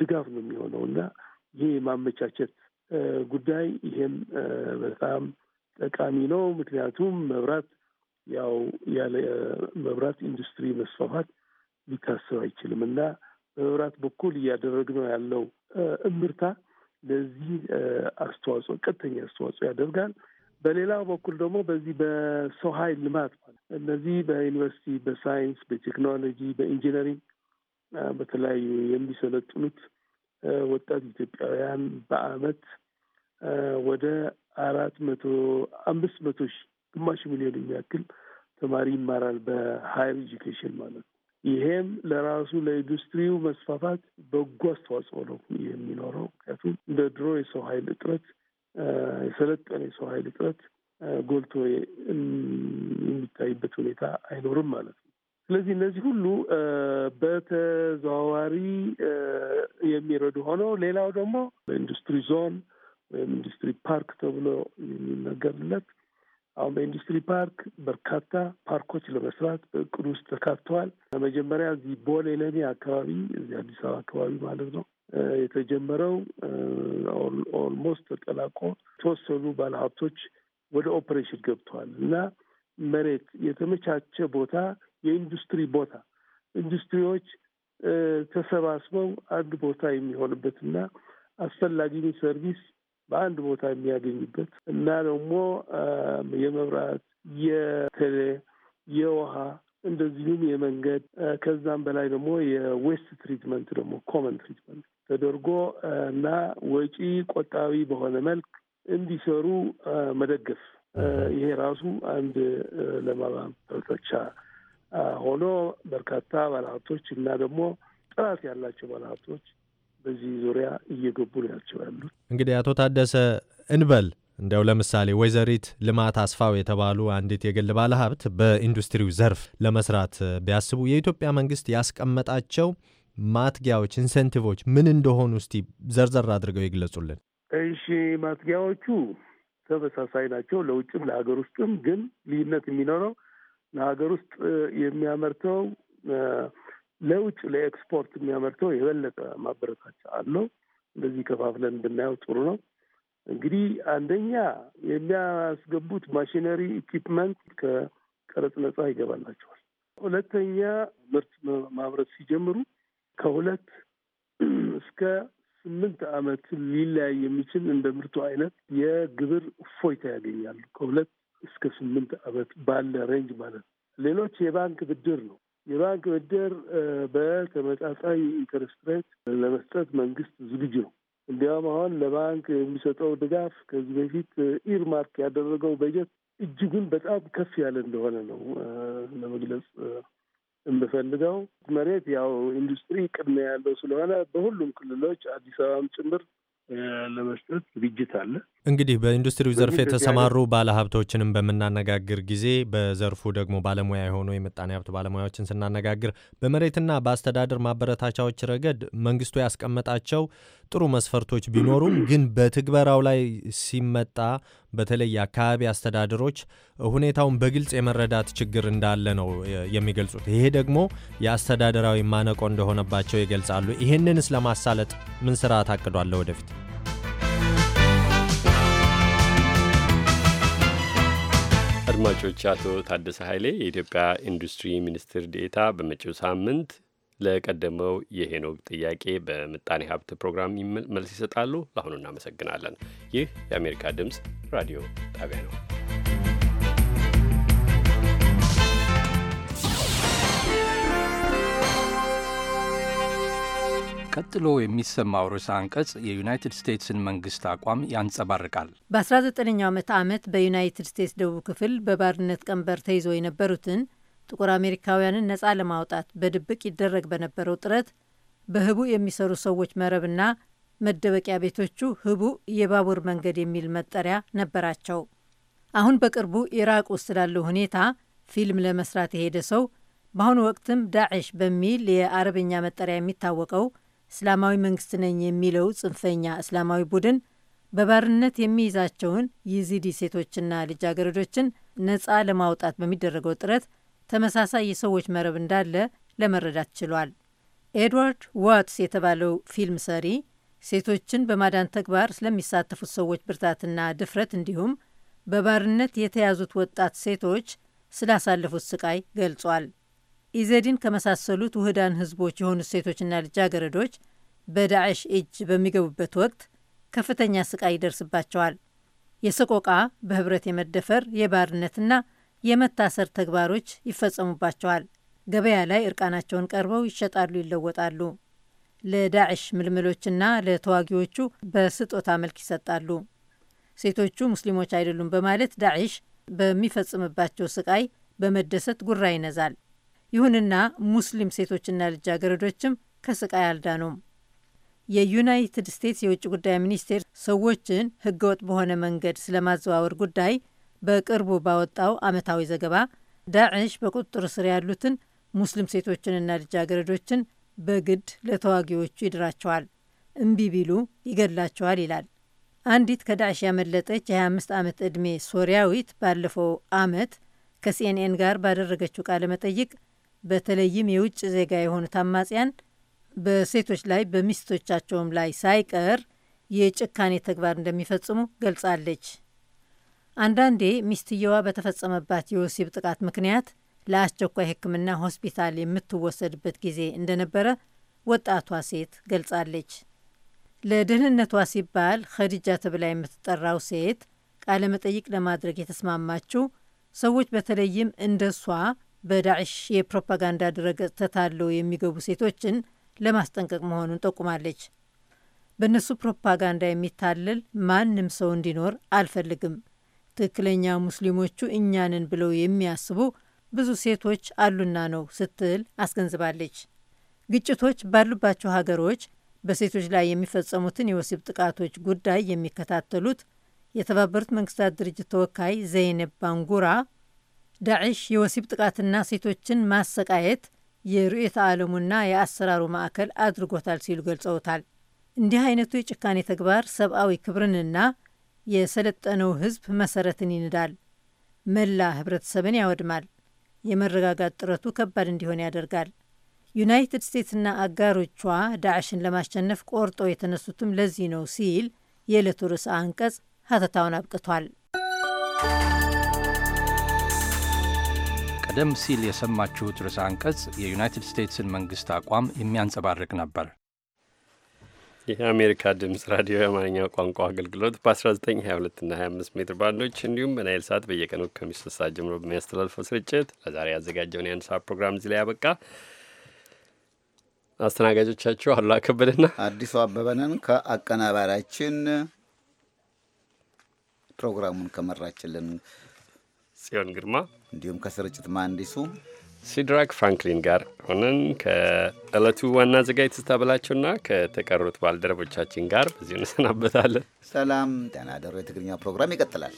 [SPEAKER 11] ድጋፍ ነው የሚሆነው እና ይህ የማመቻቸት ጉዳይ ይሄም በጣም ጠቃሚ ነው። ምክንያቱም መብራት ያው ያለ መብራት ኢንዱስትሪ መስፋፋት ሊታሰብ አይችልም እና በመብራት በኩል እያደረግነው ያለው እምርታ ለዚህ አስተዋጽኦ ቀጥተኛ አስተዋጽኦ ያደርጋል። በሌላው በኩል ደግሞ በዚህ በሰው ኃይል ልማት ማለት እነዚህ በዩኒቨርሲቲ በሳይንስ፣ በቴክኖሎጂ፣ በኢንጂነሪንግ በተለያዩ የሚሰለጥኑት ወጣት ኢትዮጵያውያን በአመት ወደ አራት መቶ አምስት መቶ ሺህ ግማሽ ሚሊዮን የሚያክል ተማሪ ይማራል በሀይር ኤጁኬሽን ማለት ነው። ይሄም ለራሱ ለኢንዱስትሪው መስፋፋት በጎ አስተዋጽኦ ነው የሚኖረው። ምክንያቱም እንደ ድሮ የሰው ኃይል እጥረት፣ የሰለጠነ የሰው ኃይል እጥረት ጎልቶ የሚታይበት ሁኔታ አይኖርም ማለት ነው። ስለዚህ እነዚህ ሁሉ በተዘዋዋሪ የሚረዱ ሆነው ሌላው ደግሞ በኢንዱስትሪ ዞን ወይም ኢንዱስትሪ ፓርክ ተብሎ የሚነገርለት አሁን በኢንዱስትሪ ፓርክ በርካታ ፓርኮች ለመስራት በእቅድ ውስጥ ተካተዋል። ለመጀመሪያ እዚህ ቦሌ ለሚ አካባቢ እዚህ አዲስ አበባ አካባቢ ማለት ነው የተጀመረው ኦልሞስት ተጠላቆ የተወሰኑ ባለሀብቶች ወደ ኦፕሬሽን ገብተዋል እና መሬት የተመቻቸ ቦታ የኢንዱስትሪ ቦታ ኢንዱስትሪዎች ተሰባስበው አንድ ቦታ የሚሆንበትና አስፈላጊውን ሰርቪስ በአንድ ቦታ የሚያገኙበት እና ደግሞ የመብራት፣ የቴሌ፣ የውሃ እንደዚሁም የመንገድ ከዛም በላይ ደግሞ የዌስት ትሪትመንት ደግሞ ኮመን ትሪትመንት ተደርጎ እና ወጪ ቆጣቢ በሆነ መልክ እንዲሰሩ መደገፍ ይሄ ራሱ አንድ ለማበረታቻ ሆኖ በርካታ ባለሀብቶች እና ደግሞ ጥራት ያላቸው ባለሀብቶች በዚህ ዙሪያ እየገቡ ናቸው ያሉት።
[SPEAKER 2] እንግዲህ አቶ ታደሰ እንበል እንደው ለምሳሌ ወይዘሪት ልማት አስፋው የተባሉ አንዲት የግል ባለሀብት በኢንዱስትሪው ዘርፍ ለመስራት ቢያስቡ የኢትዮጵያ መንግስት ያስቀመጣቸው ማትጊያዎች፣ ኢንሴንቲቮች ምን እንደሆኑ እስቲ ዘርዘር አድርገው ይግለጹልን።
[SPEAKER 11] እሺ፣ ማትጊያዎቹ ተመሳሳይ ናቸው ለውጭም ለሀገር ውስጥም። ግን ልዩነት የሚኖረው ለሀገር ውስጥ የሚያመርተው ለውጭ ለኤክስፖርት የሚያመርተው የበለጠ ማበረታቻ አለው። እንደዚህ ከፋፍለን ብናየው ጥሩ ነው። እንግዲህ አንደኛ የሚያስገቡት ማሽነሪ ኢኪፕመንት ከቀረጽ ነጻ ይገባላቸዋል። ሁለተኛ ምርት ማምረት ሲጀምሩ ከሁለት እስከ ስምንት ዓመት ሊለያይ የሚችል እንደ ምርቱ አይነት የግብር እፎይታ ያገኛሉ። ከሁለት እስከ ስምንት ዓመት ባለ ሬንጅ ማለት ነው። ሌሎች የባንክ ብድር ነው። የባንክ ብድር በተመጣጣኝ ኢንተረስት ሬት ለመስጠት መንግስት ዝግጁ ነው። እንዲያውም አሁን ለባንክ የሚሰጠው ድጋፍ ከዚህ በፊት ኢርማርክ ያደረገው በጀት እጅጉን በጣም ከፍ ያለ እንደሆነ ነው ለመግለጽ የምፈልገው። መሬት ያው ኢንዱስትሪ ቅድሚያ ያለው ስለሆነ በሁሉም ክልሎች አዲስ አበባም ጭምር ለመስጠት ዝግጅት አለ።
[SPEAKER 2] እንግዲህ በኢንዱስትሪው ዘርፍ የተሰማሩ ባለሀብቶችንም በምናነጋግር ጊዜ በዘርፉ ደግሞ ባለሙያ የሆኑ የምጣኔ ሀብት ባለሙያዎችን ስናነጋግር በመሬትና በአስተዳደር ማበረታቻዎች ረገድ መንግስቱ ያስቀመጣቸው ጥሩ መስፈርቶች ቢኖሩም ግን በትግበራው ላይ ሲመጣ በተለይ የአካባቢ አስተዳደሮች ሁኔታውን በግልጽ የመረዳት ችግር እንዳለ ነው የሚገልጹት። ይሄ ደግሞ የአስተዳደራዊ ማነቆ እንደሆነባቸው ይገልጻሉ። ይህንንስ ለማሳለጥ ምን ስራ ታቅዷል ወደፊት?
[SPEAKER 5] አድማጮች፣ አቶ ታደሰ ኃይሌ የኢትዮጵያ ኢንዱስትሪ ሚኒስትር ዴታ በመጪው ሳምንት ለቀደመው የሄኖክ ጥያቄ በምጣኔ ሀብት ፕሮግራም መልስ ይሰጣሉ። ለአሁኑ እናመሰግናለን። ይህ የአሜሪካ ድምፅ ራዲዮ ጣቢያ ነው።
[SPEAKER 12] ቀጥሎ የሚሰማው ርዕሰ አንቀጽ የዩናይትድ ስቴትስን መንግስት አቋም
[SPEAKER 8] ያንጸባርቃል።
[SPEAKER 14] በ19ኛው ዓመት ዓመት በዩናይትድ ስቴትስ ደቡብ ክፍል በባርነት ቀንበር ተይዘው የነበሩትን ጥቁር አሜሪካውያንን ነጻ ለማውጣት በድብቅ ይደረግ በነበረው ጥረት በህቡ የሚሰሩ ሰዎች መረብና መደበቂያ ቤቶቹ ህቡ የባቡር መንገድ የሚል መጠሪያ ነበራቸው። አሁን በቅርቡ ኢራቅ ውስጥ ስላለው ሁኔታ ፊልም ለመስራት የሄደ ሰው በአሁኑ ወቅትም ዳዕሽ በሚል የአረብኛ መጠሪያ የሚታወቀው እስላማዊ መንግስት ነኝ የሚለው ጽንፈኛ እስላማዊ ቡድን በባርነት የሚይዛቸውን የዚዲ ሴቶችና ልጃገረዶችን ነጻ ለማውጣት በሚደረገው ጥረት ተመሳሳይ የሰዎች መረብ እንዳለ ለመረዳት ችሏል። ኤድዋርድ ዋትስ የተባለው ፊልም ሰሪ ሴቶችን በማዳን ተግባር ስለሚሳተፉት ሰዎች ብርታትና ድፍረት እንዲሁም በባርነት የተያዙት ወጣት ሴቶች ስላሳለፉት ስቃይ ገልጿል። ኢዘዲን ከመሳሰሉት ውህዳን ህዝቦች የሆኑት ሴቶችና ልጃገረዶች በዳዕሽ እጅ በሚገቡበት ወቅት ከፍተኛ ስቃይ ይደርስባቸዋል። የሰቆቃ፣ በህብረት የመደፈር፣ የባርነትና የመታሰር ተግባሮች ይፈጸሙባቸዋል። ገበያ ላይ እርቃናቸውን ቀርበው ይሸጣሉ፣ ይለወጣሉ። ለዳዕሽ ምልምሎችና ለተዋጊዎቹ በስጦታ መልክ ይሰጣሉ። ሴቶቹ ሙስሊሞች አይደሉም በማለት ዳዕሽ በሚፈጽምባቸው ስቃይ በመደሰት ጉራ ይነዛል። ይሁንና ሙስሊም ሴቶችና ልጃገረዶችም ከስቃይ አልዳኑም። የዩናይትድ ስቴትስ የውጭ ጉዳይ ሚኒስቴር ሰዎችን ህገወጥ በሆነ መንገድ ስለማዘዋወር ጉዳይ በቅርቡ ባወጣው ዓመታዊ ዘገባ ዳዕሽ በቁጥጥር ስር ያሉትን ሙስሊም ሴቶችንና ልጃገረዶችን በግድ ለተዋጊዎቹ ይድራቸዋል፣ እምቢ ቢሉ ይገድላቸዋል ይላል። አንዲት ከዳዕሽ ያመለጠች የ25 ዓመት ዕድሜ ሶሪያዊት ባለፈው ዓመት ከሲኤንኤን ጋር ባደረገችው ቃለ መጠይቅ በተለይም የውጭ ዜጋ የሆኑት አማጽያን በሴቶች ላይ በሚስቶቻቸውም ላይ ሳይቀር የጭካኔ ተግባር እንደሚፈጽሙ ገልጻለች። አንዳንዴ ሚስትየዋ በተፈጸመባት የወሲብ ጥቃት ምክንያት ለአስቸኳይ ሕክምና ሆስፒታል የምትወሰድበት ጊዜ እንደነበረ ወጣቷ ሴት ገልጻለች። ለደህንነቷ ሲባል ኸዲጃ ተብላ የምትጠራው ሴት ቃለ መጠይቅ ለማድረግ የተስማማችው ሰዎች በተለይም እንደሷ በዳዕሽ የፕሮፓጋንዳ ድረገጽ ተታለው የሚገቡ ሴቶችን ለማስጠንቀቅ መሆኑን ጠቁማለች። በእነሱ ፕሮፓጋንዳ የሚታለል ማንም ሰው እንዲኖር አልፈልግም። ትክክለኛ ሙስሊሞቹ እኛንን ብለው የሚያስቡ ብዙ ሴቶች አሉና ነው ስትል አስገንዝባለች። ግጭቶች ባሉባቸው ሀገሮች በሴቶች ላይ የሚፈጸሙትን የወሲብ ጥቃቶች ጉዳይ የሚከታተሉት የተባበሩት መንግስታት ድርጅት ተወካይ ዘይነብ ባንጉራ ዳዕሽ የወሲብ ጥቃትና ሴቶችን ማሰቃየት የርዕዮተ ዓለሙና የአሰራሩ ማዕከል አድርጎታል ሲሉ ገልጸውታል። እንዲህ አይነቱ የጭካኔ ተግባር ሰብአዊ ክብርንና የሰለጠነው ሕዝብ መሰረትን ይንዳል፣ መላ ህብረተሰብን ያወድማል፣ የመረጋጋት ጥረቱ ከባድ እንዲሆን ያደርጋል። ዩናይትድ ስቴትስና አጋሮቿ ዳዕሽን ለማሸነፍ ቆርጦ የተነሱትም ለዚህ ነው ሲል የዕለቱ ርዕሰ አንቀጽ ሀተታውን አብቅቷል።
[SPEAKER 12] ቀደም ሲል የሰማችሁት ርዕሰ አንቀጽ የዩናይትድ ስቴትስን መንግሥት አቋም የሚያንጸባርቅ
[SPEAKER 5] ነበር። ይህ የአሜሪካ ድምፅ ራዲዮ የአማርኛው ቋንቋ አገልግሎት በ1922 እና 25 ሜትር ባንዶች እንዲሁም በናይል ሰዓት በየቀኑ ከምሽቱ ስድስት ሰዓት ጀምሮ በሚያስተላልፈው ስርጭት ለዛሬ ያዘጋጀውን የአንድ ሰዓት ፕሮግራም እዚህ ላይ ያበቃ። አስተናጋጆቻችሁ አሉላ ከበደና አዲሱ አበበንን ከአቀናባሪያችን ፕሮግራሙን ከመራችልን ጽዮን ግርማ እንዲሁም ከስርጭት መሐንዲሱ ሲድራክ ፍራንክሊን ጋር ሆነን ከእለቱ ዋና ዘጋጅ ትስታበላቸውና ከተቀሩት ባልደረቦቻችን ጋር በዚሁ እንሰናበታለን። ሰላም ጤና ደሩ። የትግርኛ ፕሮግራም ይቀጥላል።